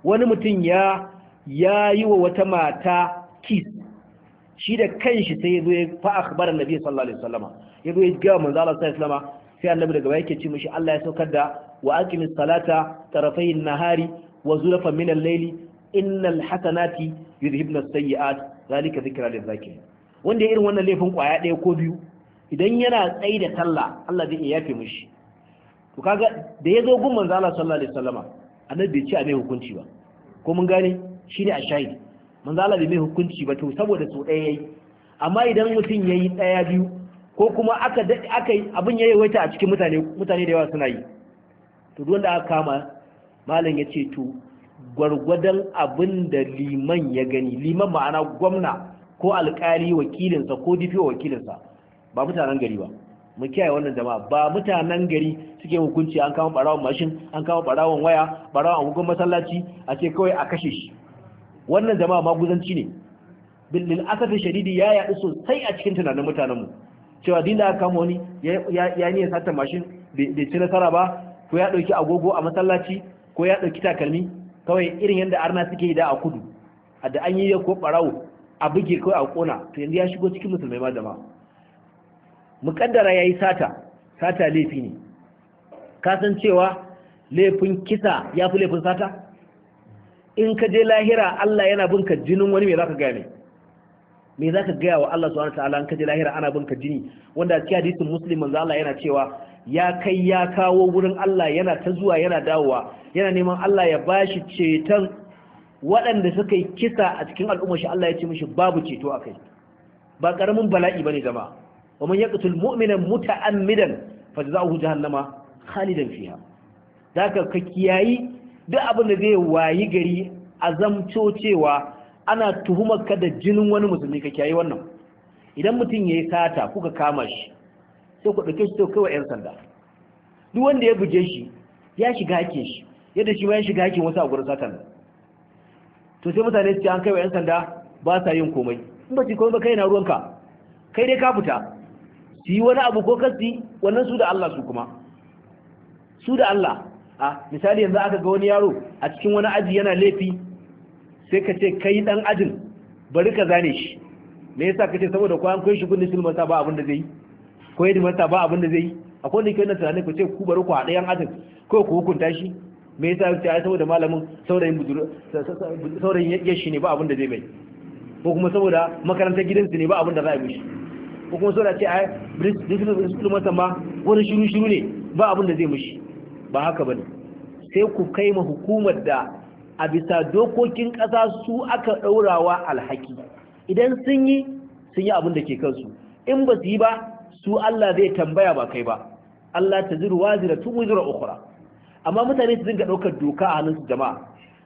wani mutum ya yi wa wata mata kiss shi da kanshi sai yazo ya fa akhbara annabi sallallahu alaihi wasallama yazo ya ga manzo Allah sallallahu alaihi wasallama sai annabi daga baya yake ce mishi Allah ya saukar da wa aqimis salata tarafayn nahari wa zulfan min al-layli innal hasanati yudhibna as-sayyi'at zalika dhikra lil-zakirin wanda irin wannan laifin kwaya ɗaya ko biyu idan yana tsayi da talla, Allah zai iya yafe mushi to kaga da ya zo gun manzo Allah sallallahu alaihi wasallama annabi bai ce a mai hukunci ba ko mun gane shine a shahidi manzo Allah bai mai hukunci ba to saboda so ɗaya yayi amma idan mutum yayi ɗaya biyu ko kuma aka aka abin yayi waita a cikin mutane mutane da yawa suna yi to duk wanda aka kama malam ya ce to gwargwadon abin da liman ya gani liman ma'ana gwamna ko alkali wakilinsa ko difiwa wakilinsa ba mutanen gari ba mu kiyaye wannan jama'a ba mutanen gari suke hukunci an kama barawon mashin an kama barawon waya barawon agogon masallaci a ce kawai a kashe shi wannan jama'a maguzanci ne bilil asafi shadidi ya yaɗu sosai a cikin tunanin mutanenmu cewa din da aka kama wani ya niyan sata mashin bai ci nasara ba ko ya ɗauki agogo a masallaci ko ya ɗauki takalmi kawai irin yadda arna suke yi da a kudu a da an yi ko ɓarawo a bugi kawai a kona to yanzu ya shigo cikin musulmai ma Muƙaddara mukaddara yayi sata sata laifi ne ka san cewa laifin kisa ya fi laifin sata in ka je lahira Allah yana bin ka jinin wani me zaka gane me zaka gaya wa Allah subhanahu wataala in ka je lahira ana bin ka jini wanda cikin hadisin muslim manzo Allah yana cewa ya kai ya kawo wurin Allah yana ta zuwa yana dawowa yana neman Allah ya bashi ceton waɗanda suka yi kisa a cikin al'umma shi Allah ya ce mishi babu ceto a kai ba karamin bala'i bane jama'a wa man yaqtul mu'mina muta'ammidan fajza'uhu jahannama khalidan fiha daka ka kiyayi duk abin da zai wayi gari azamto cewa ana tuhumar ka da jinin wani musulmi ka kiyayi wannan idan mutum yayi sata kuka kama shi sai ku dauke shi to kai wa yan sanda duk wanda ya buge shi ya shiga hakin shi yadda shi ma ya shiga hakin wasu a gurin satan to sai mutane su ce an kai wa 'yan sanda ba sa yin komai in ba ci komai ba kai na ruwanka kai dai ka fita su yi wani abu ko kasi wannan su da Allah su kuma su da Allah a misali yanzu aka ga wani yaro a cikin wani aji yana laifi sai ka ce kai dan ajin bari ka zane shi me yasa ce saboda ko an kai shi gundin silman ba abin da zai yi ko yadda mata ba abin da zai yi akwai wanda ke wannan tunanin ku ce ku bari ku haɗa yan ajin ko ku hukunta shi me yasa yake ai saboda malamin saurayin buduru saurayin shi ne ba abin da zai bai ko kuma saboda makarantar gidansu ne ba abin da za a mishi ko kuma saboda ce ai principal masa ma wani shiru shiru ne ba abin da zai mishi ba haka bane sai ku kai ma hukumar da a bisa dokokin ƙasa su aka daurawa alhaki idan sun yi sun yi abin da ke kansu in ba su yi ba su Allah zai tambaya ba kai ba Allah ta ziru wazira tun wizira ukhra amma mutane su dinga ɗaukar doka a hannun jama'a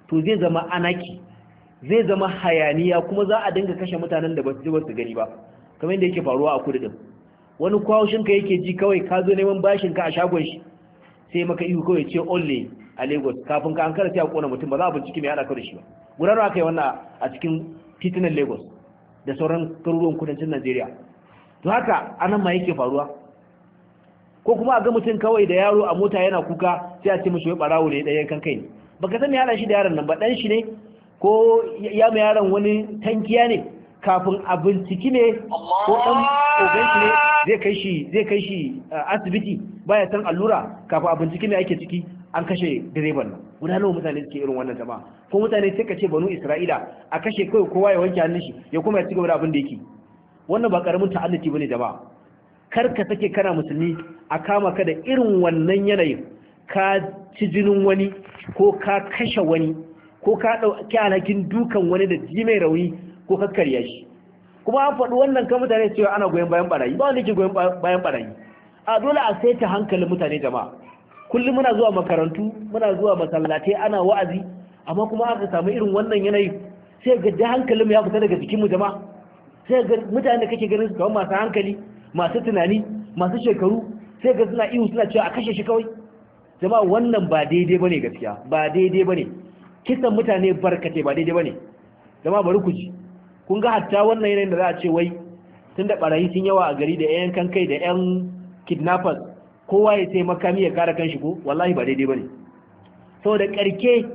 to zai zama anaki zai zama hayaniya kuma za a dinga kashe mutanen da ba su ba su gani ba kamar yadda yake faruwa a kudu wani kwashin ka yake ji kawai ka zo neman bashin ka a shagon shi sai maka ihu kawai ce only a Lagos kafin ka an kara sai a kona mutum ba za a binciki mai haɗa ka da shi ba gudanar aka yi wannan a cikin titunan Lagos da sauran garuruwan kudancin Najeriya to haka anan ma yake faruwa ko kuma a ga mutum kawai da yaro a mota yana kuka sai a ce mishi wai barawo ne ɗaya kan kai ne baka san me shi da yaron nan ba dan shi ne ko ya ma yaron wani tankiya ne kafin a binciki ne ko dan ogan shi ne zai kai shi zai kai shi asibiti baya san allura kafin a binciki ne ake ciki an kashe direban nan guda nawa mutane suke irin wannan jama'a ko mutane sai ka ce banu isra'ila a kashe kawai kowa ya wanke hannun shi ya kuma ya ci gaba da abin da yake wannan ba karamin ta'annaci bane jama'a kar ka sake kana musulmi a kama ka da irin wannan yanayin ka ci jinin wani ko ka kashe wani ko ka ɗauki alhakin dukan wani da ji mai rauni ko ka karya shi kuma an faɗi wannan kan mutane cewa ana goyon bayan barayi ba wanda ke goyon bayan barayi a dole a saita hankalin mutane jama'a kullum muna zuwa makarantu muna zuwa masallatai ana wa'azi amma kuma aka samu irin wannan yanayi sai ga hankalin mu ya fita daga jikin mu jama'a sai ga mutane da kake ganin su kamar masu hankali masu tunani masu shekaru sai ga suna ihu suna cewa a kashe shi kawai jama'a wannan ba daidai bane gaskiya ba daidai bane kisan mutane barkate ba daidai bane jama'a bari ku ji kun ga hatta wannan yanayin da za a ce wai tunda barayi sun yawa a gari da yan kan kai da yan kidnappers kowa ya sai makami ya kara kanshi ko wallahi ba daidai bane saboda karke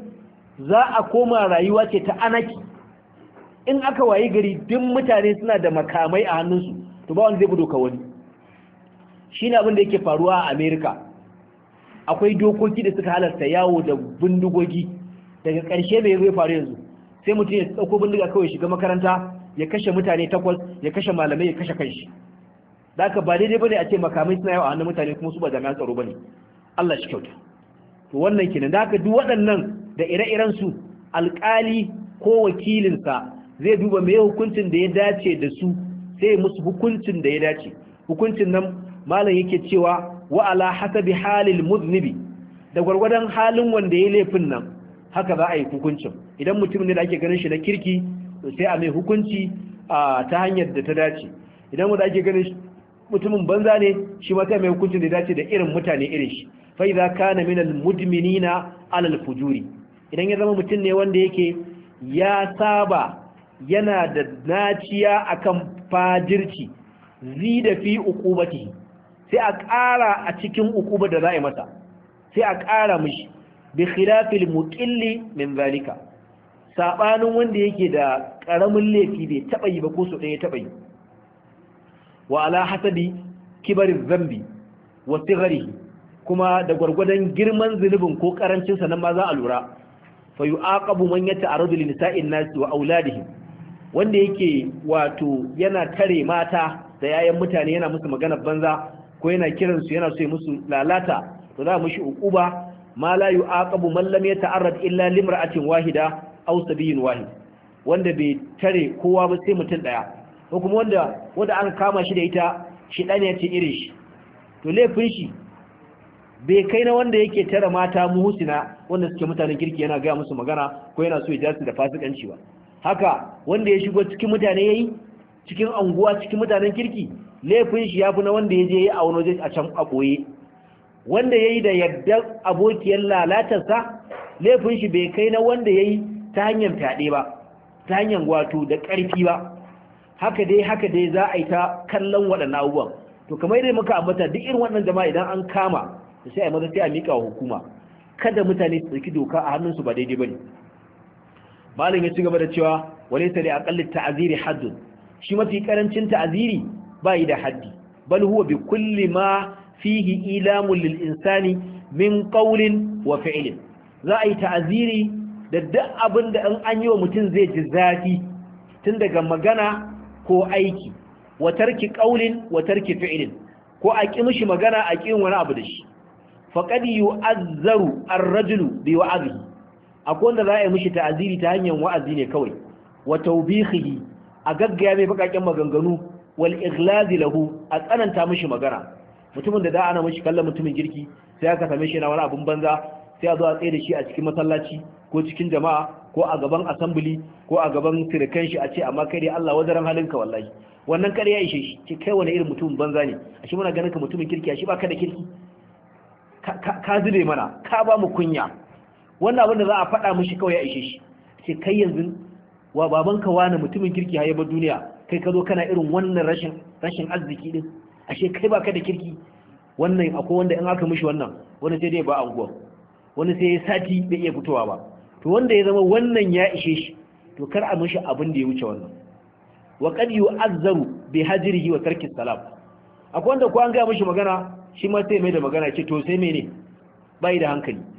za a koma rayuwa ce ta anaki in aka wayi gari duk mutane suna da makamai a hannunsu to ba wani zai gudu ka wani ne abin da yake faruwa a Amerika. akwai dokoki da suka halarta yawo da bindigogi daga ƙarshe mai zai faru yanzu sai mutum ya tsauko bindiga kawai shiga makaranta ya kashe mutane takwas ya kashe malamai ya kashe kanshi da aka ba daidai bane a ce makamai suna yawa a hannun mutane kuma su ba jami'an tsaro bane Allah shi kyauta to wannan kenan da aka duk waɗannan da ire-iren su alƙali ko wakilinsa zai duba mai hukuncin da ya dace da su sai musu hukuncin da ya dace hukuncin nan malam yake cewa wa ala hasabi halil muznibi da gwargwadon halin wanda ya laifin nan haka za a yi hukuncin idan mutum ne da ake ganin shi na kirki sai a mai hukunci ta hanyar da ta dace idan da ake ganin mutumin banza ne shi ma sai mai hukuncin da dace da irin mutane irin shi fa idza kana min al mudminina al fujuri idan ya zama mutum ne wanda yake ya saba yana da naciya akan fajirci zi da fi ukubati sai a ƙara a cikin uquba da za a yi masa sai a ƙara mishi bi khilafil muqilli min zalika Saɓanin wanda yake da ƙaramin laifi bai taba yi ba ko so ɗaya taba yi wa ala hasabi kibarin zambi wa kuma da gwargwadon girman zunubin ko ƙarancinsa nan ma za a lura fa yu'aqabu man yata'arradu rabin nisa'in nasi wa auladihim wanda yake wato yana tare mata da yayan mutane yana musu magana banza ko yana kiransu yana so musu lalata to za mu shi uquba ma la yu'aqabu man lam yata'arrad illa limra'atin wahida aw sabiyin wahid wanda bai tare kowa ba sai mutum daya ko kuma wanda wanda an kama shi da ita shi dane ya ce irin shi to laifin shi bai kai na wanda yake tare mata muhusina wanda suke mutanen kirki yana ga musu magana ko yana so ya jasu da fasikanci ba haka wanda ya shigo cikin mutane yayi cikin anguwa cikin mutanen kirki laifin shi yafi na wanda ya je a wani waje a can a boye wanda yayi da yadda abokiyar lalatarsa laifin shi bai kai na wanda yayi ta hanyar fyaɗe ba ta hanyar wato da ƙarfi ba haka dai haka dai za a yi ta kallon waɗannan abubuwan to kamar yadda muka ambata duk irin wannan jama'a idan an kama da sai a maza sai a mika wa hukuma kada mutane su ɗauki doka a hannunsu ba daidai ba ne malam ya ci gaba da cewa walaysa li aqalli ta'aziri haddun shi mafi karancin ba yi da haddi bal huwa bi kulli ma fihi ilamun lil insani min qawlin wa fi'lin za a yi ta'aziri da duk abin da an yi wa mutum zai ji zafi tun daga magana ko aiki wa tarki qawlin wa tarki fi'lin ko a ƙi mishi magana a ƙi wani abu da shi faqad yu'azzaru ar-rajulu bi wa'azihi akwai wanda za a yi mishi ta'aziri ta hanyar wa'azi ne kawai wa tawbihi a gaggaya mai bakakken maganganu wal ighlazi lahu a tsananta mishi magana mutumin da da ana mishi kallon mutumin girki sai aka same shi na wani abun banza sai a zo a tsaye da shi a cikin masallaci ko cikin jama'a ko a gaban assembly ko a gaban sirikan shi a ce amma kai dai Allah wazaran ka wallahi wannan kare ya ishe shi ce kai wani irin mutumin banza ne a shi muna ganin ka mutumin kirki a shi baka da kirki ka zube mana ka ba mu kunya wannan abin da za a faɗa mishi kawai ya ishe shi sai kai yanzu wa babanka wani mutumin kirki ya ba duniya kai ka zo kana irin wannan rashin rashin arziki din ashe kai ba ka da kirki wannan akwai wanda in aka mishi wannan wani sai dai ba anguwa wani sai ya sati bai iya fitowa ba to wanda ya zama wannan ya ishe shi to kar a mishi abin da ya wuce wannan wa qad yu'azzaru bi hajrihi wa tarki salam akwai wanda ko an ga mishi magana shi ma sai mai da magana ce to sai mene bai da hankali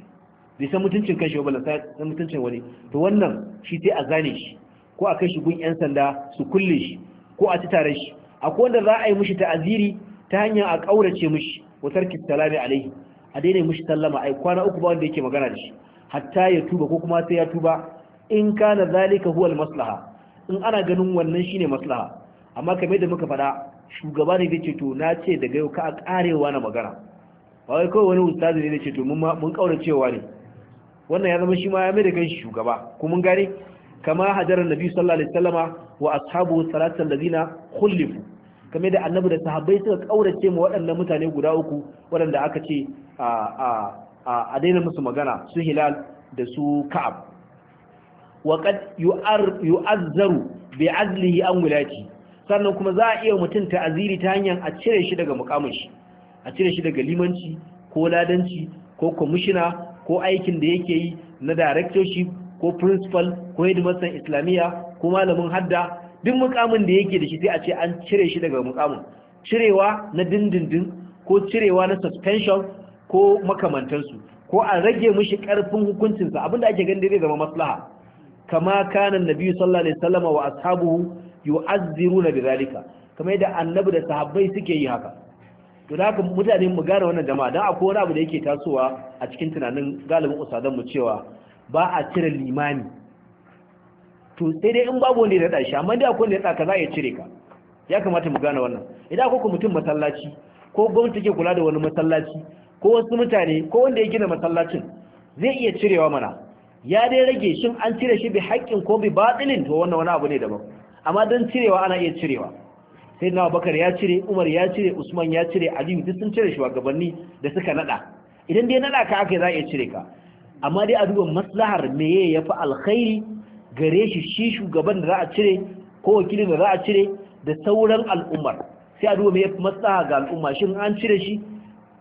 bai san mutuncin kanshi ba sai san mutuncin wani to wannan shi sai a zane shi ko a kai shi gun yan sanda su kulle shi ko a ci tare shi akwai wanda za a yi mushi ta'aziri ta hanyar a kaurace mushi wa tarki salami alaihi a daina mushi sallama ai kwana uku ba wanda yake magana da shi hatta ya tuba ko kuma sai ya tuba in kana zalika huwa maslaha in ana ganin wannan shine maslaha amma kamar da muka faɗa shugaba ne zai to na ce daga yau ka a karewa na magana ba wai kawai wani ustazi ne zai ce to mun kaura cewa ne wannan ya zama shi ma ya mai da kanshi shugaba kuma gane kama hajarar nabi sallallahu alaihi wasallama wa ashabu salatan ladina khulifu kamar da annabi da sahabbai suka kaurace mu waɗannan mutane guda uku waɗanda aka ce a a a daina musu magana su hilal da su ka'ab wa qad yu'azzaru bi azlihi an wilati sannan kuma za a iya mutum ta'aziri ta hanyar a cire shi daga mukamin shi a cire shi daga limanci ko ladanci ko kwamishina ko aikin da yake yi na directorship ko principal ko headmaster islamiyya ko malamin hadda duk mukamin da yake da shi sai a ce an cire shi daga mukamin cirewa na dindindin ko cirewa na suspension ko makamantansu ko an rage mishi karfin hukuncinsa abinda ake gani zai zama maslaha kama kana nabi sallallahu alaihi wasallam wa ashabuhu yu'azziruna bidhalika kamar yadda annabi da sahabbai suke yi haka to da haka mutane mu gane wannan jama'a dan akwai wani abu da yake tasowa a cikin tunanin galibin usadan mu cewa ba a cire limami to sai dai in babu wanda ya da shi amma dai akwai wanda ya ka za a cire ka ya kamata mu gane wannan idan akwai mutum masallaci ko gwamnati ke kula da wani masallaci ko wasu mutane ko wanda ya gina masallacin zai iya cirewa mana ya dai rage shin an cire shi bi haƙƙin ko bi batilin to wannan wani abu ne daban amma don cirewa ana iya cirewa sai na bakar ya cire umar ya cire usman ya cire aliyu duk sun cire shugabanni da suka nada idan dai nada ka aka za a cire ka amma dai a duba maslahar meye ya fi alkhairi gare shi shi shugaban da za a cire ko wakilin da za a cire da sauran al'ummar sai a duba meye maslaha ga al'umma shin an cire shi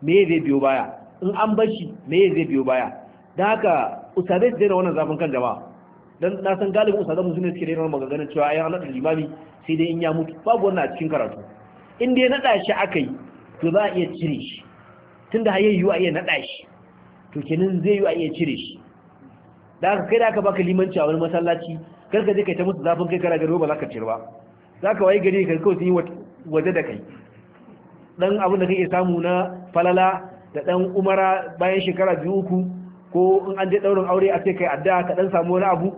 meye zai biyo baya in an bar shi meye zai biyo baya don haka usabe zai daina wannan zafin kan jama'a dan na san galibin usa mu sune suke rera maganganun cewa ai an da limami sai dai in ya mutu babu wannan a cikin karatu in dai nada shi akai to za a iya cire shi tunda har yayi a iya nada shi to kenan zai yi a iya cire shi da aka kai da ka baka limanci a wani masallaci kar ka je kai ta musu zafin kai kana gari ba za ka cire ba za ka waye gari ka kawai sun yi waje da kai dan abin da kake samu na falala da dan umara bayan shekara biyu uku ko in an je daurin aure a sai kai addu'a ka dan samu wani abu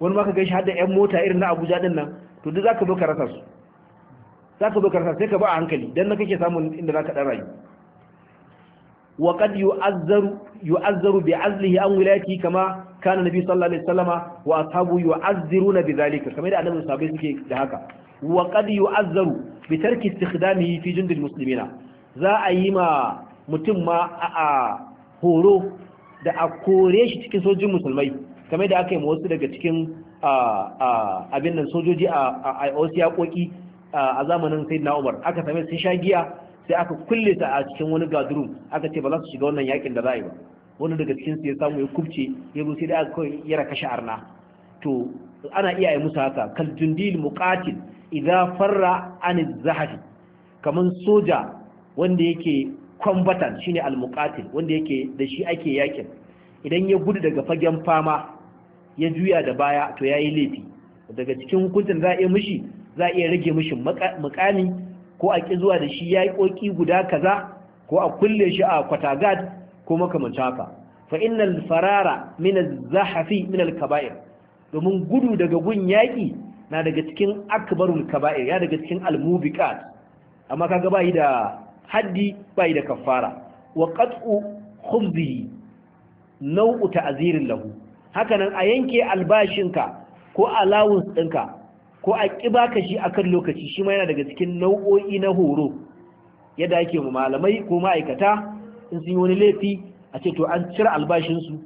wani maka ka gaishe hada yan mota irin na abuja din nan to duk zaka zo ka rasa su zaka zo ka rasa sai ka ba a hankali dan na kake samun inda zaka dan rayu wa qad yu'azzaru yu'azzaru bi azlihi an wilayati kama kana nabi sallallahu alaihi wasallama wa ashabu yu'azziruna bi zalika kamar da annabi sahabbai suke da haka wa qad yu'azzaru bi tarki istikhdamihi fi jundil almuslimina za a yi ma mutum ma a horo da a kore shi cikin sojin musulmai kamar da aka yi wasu daga cikin abin nan sojoji a wasu yaƙoƙi a zamanin sai na umar aka same sun sha giya sai aka kulle ta a cikin wani gadrum aka ce ba za su shiga wannan yaƙin da za a yi ba wani daga cikin su ya samu ya kubce ya zo sai da aka kawai yara kashe arna to ana iya yi musu haka kal jundil muqatil idza farra an zahafi kaman soja wanda yake combatant shine al muqatil wanda yake da shi ake yakin idan ya gudu daga fagen fama ya juya da baya to ya yi laifi daga cikin hukuncin za a iya mishi za a iya rage mishi mukami ko a ƙi zuwa da shi ya yi ƙoƙi guda kaza ko a kulle shi a kwatagad ko makamanta haka fa innal farara min az-zahafi min al-kaba'ir domin gudu daga gun yaƙi na daga cikin akbarul kaba'ir ya daga cikin al-mubiqat amma kaga bai da haddi bai da kaffara wa qat'u khubzi nau'u ta'zirin lahu hakanan a yanke albashinka ko allowance ɗinka ko a ƙiba ka shi kan lokaci shi ma yana daga cikin nau'o'i na horo yadda ake mu malamai ko ma'aikata in sun yi wani laifi a ce to an cire albashinsu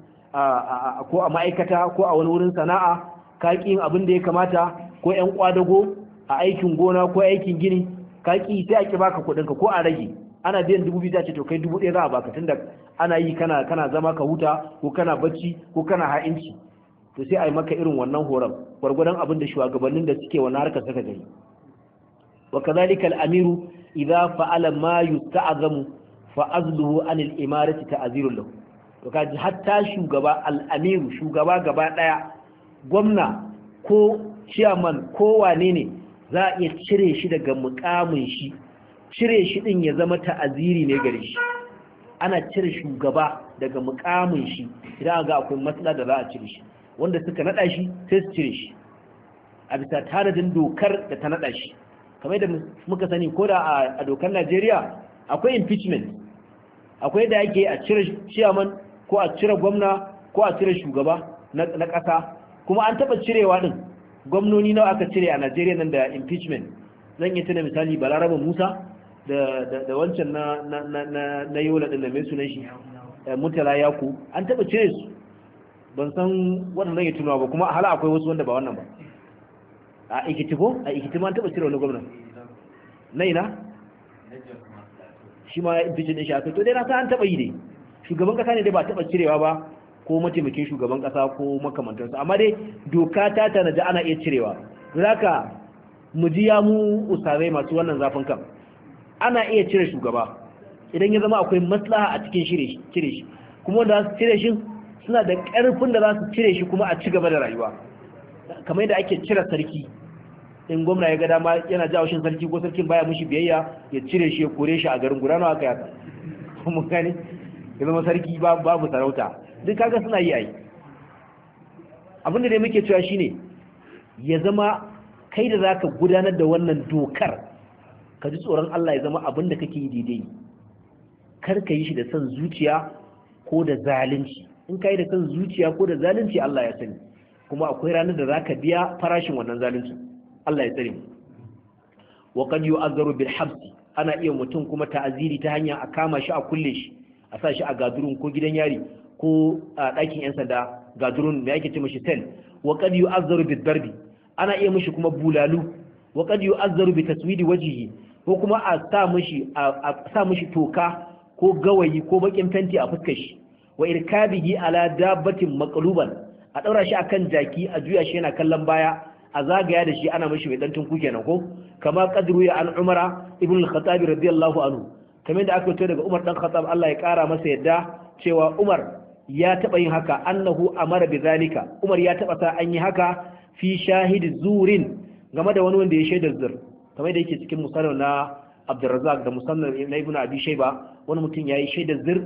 ko a ma'aikata ko a wani wurin sana'a ka kaƙi abin da ya kamata ko 'yan kwadago a aikin gona ko aikin gini ka kaƙi sai a ƙiba ka kuɗinka ko a rage ana biyan dubu biyu ta to kai dubu ɗaya za a baka tunda ana yi kana kana zama ka huta ko kana bacci ko kana ha'inci to sai a yi maka irin wannan horon gwargwadon abin da shugabannin da suke wani harkar saka gani wa kazalika al-amiru idza fa'ala ma ta fa azluhu an al-imarati ta'zirul lahu to kaji hatta shugaba al-amiru shugaba gaba daya gwamna ko chairman ko wane ne za a iya cire shi daga mukamin shi cire shi ɗin ya zama ta'aziri ne gare shi ana cire shugaba daga mukamin shi idan ga akwai matsala da za a cire shi wanda suka nada shi sai su cire shi a bisa tanadin dokar da ta nada shi kamar da muka sani ko da a dokar Najeriya akwai impeachment akwai da yake a cire chairman ko a cire gwamna ko a cire shugaba na ƙasa kuma an taɓa cirewa din gwamnoni nawa aka cire a najeriya nan da impeachment zan yi tuna misali balarabe musa da wancan na yola ɗin da mai sunan shi eh, mutala ku an taɓa cire su ban san waɗannan ya tunawa ba kuma a hala akwai wasu wanda ba wannan ba a ikiti ko a ikiti ma an taɓa cire wani gwamna na ina shi ma ya impeachment shi a to dai na sa an taɓa yi dai shugaban ƙasa ne dai ba taɓa cirewa ba ko mataimakin shugaban ƙasa ko makamantarsa. amma dai doka ta tanaji ana iya cirewa zaka mu ji ya mu usare masu wannan zafin kan ana iya cire shugaba idan ya zama akwai maslaha a cikin cire shi kuma wanda za su cire shi suna da ƙarfin da za su cire shi kuma a ci gaba da rayuwa kamar yadda ake cire sarki in gwamna ya ga dama yana jawo shin sarki ko sarkin baya mushi biyayya ya cire shi ya kore shi a garin gudana aka yata kuma gani ya zama sarki babu sarauta duk kaga suna yi ai abinda dai muke cewa shine ya zama kai da zaka gudanar da wannan dokar ka ji tsoron Allah ya zama abin da kake yi daidai kar ka yi shi da san zuciya ko da zalunci in ka yi da san zuciya ko da zalunci Allah ya sani kuma akwai ranar da zaka biya farashin wannan zalunci Allah ya tsare mu wa qad yu'azzaru bil habsi ana iya mutum kuma ta'aziri ta hanya a kama shi a kulle shi a sa shi a gadurun ko gidan yari ko a dakin 'yan sanda gadurun me yake ce mashi tel wa kad yu'azzaru bid darbi ana iya mishi kuma bulalu wa kad yu'azzaru bi taswidi wajhihi ko kuma a sa mishi a sa mishi toka ko gawayi ko bakin fenti a fuskar shi wa irkabihi ala dabbatin maqluban a daura shi akan jaki a juya shi yana kallon baya a zagaya da shi ana mishi mai dan kuke kenan ko kama qadru ya an umara ibn al-khattab radiyallahu anhu kamar da aka fito daga umar dan khattab Allah ya kara masa yadda cewa umar ya taba yin haka annahu amara mara zalika umar ya taba sa an yi haka fi shahid zurin game da wani wanda ya shaida zur kamar da yake cikin musallar na abdurrazak da musallar na ibn abi shaiba wani mutum yayi shaida zir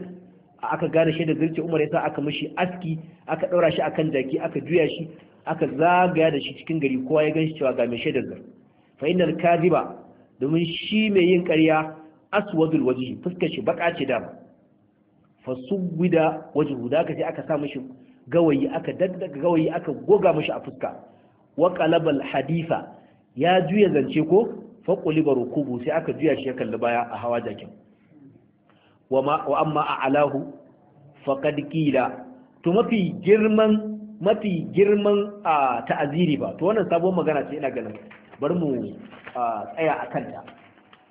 aka gane shaida zir ce umar sa aka mishi aski aka daura shi akan jaki aka juya shi aka zagaya da shi cikin gari kowa ya ganshi cewa ga mai shaidar zir fa innal kadiba domin shi mai yin ƙarya aswadul wajhi fuskar shi baka ce dama fa subida wajhu da aka ce aka sa mishi gawayi aka daddaka gawayi aka goga mashi a fuska wa qalabal hadifa ya juya zance ko faƙuli rukubu sai aka juya shi ya kalli baya a hawa jakin wa amma a alahu faƙad kila to mafi girman mafi girman a ta'aziri ba to wannan sabon magana ce ina ganin bari mu tsaya a kanta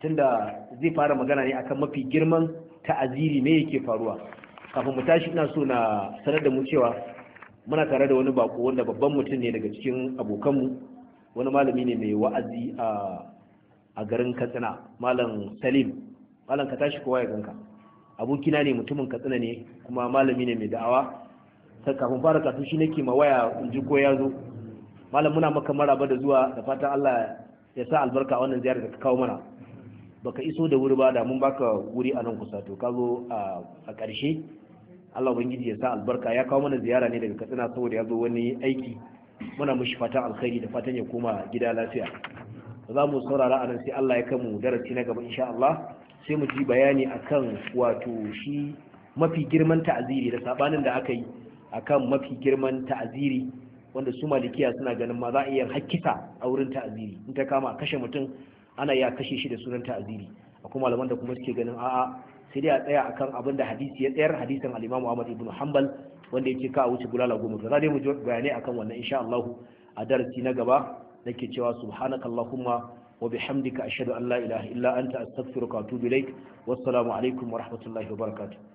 tunda zai fara magana ne akan mafi girman ta'aziri me yake faruwa kafin mu tashi ina so na sanar da mu cewa muna tare da wani bako wanda babban mutum ne daga cikin abokanmu wani malami ne mai wa'azi a a garin katsina malam salim malam ka tashi kowa ya ganka abokina ne mutumin katsina ne kuma malami ne mai da'awa kafin fara kasu shi nake ma waya in ji ko ya zo malam muna maka maraba da zuwa da fatan Allah ya sa albarka wannan ziyarar da ka kawo mana baka iso da wuri ba da mun baka wuri a nan kusa to ka zo a ƙarshe Allah ubangiji ya sa albarka ya kawo mana ziyara ne daga Katsina saboda ya zo wani aiki muna mushi fatan alkhairi da fatan ya koma gida lafiya za mu saurara a nan sai Allah ya kamu darasi na gaba insha Allah sai mu ji bayani akan wato shi mafi girman ta'aziri da sabanin da aka yi akan mafi girman ta'aziri wanda su malikiya suna ganin ma za a iya hakkisa a wurin ta'aziri in ta kama kashe mutum ana iya kashe shi da sunan ta'aziri akwai malaman da kuma suke ganin a'a sai dai a tsaya akan abin da hadisi ya tsayar hadisin al-Imam Ahmad ibn Hanbal wanda yake ka wuce bulala goma Za za dai mu ji bayanai akan wannan insha Allah a darasi na gaba nake cewa subhanakallahumma wa bihamdika ashhadu an la ilaha illa anta astaghfiruka wa atubu ilaik wassalamu alaikum wa rahmatullahi wa barakatuh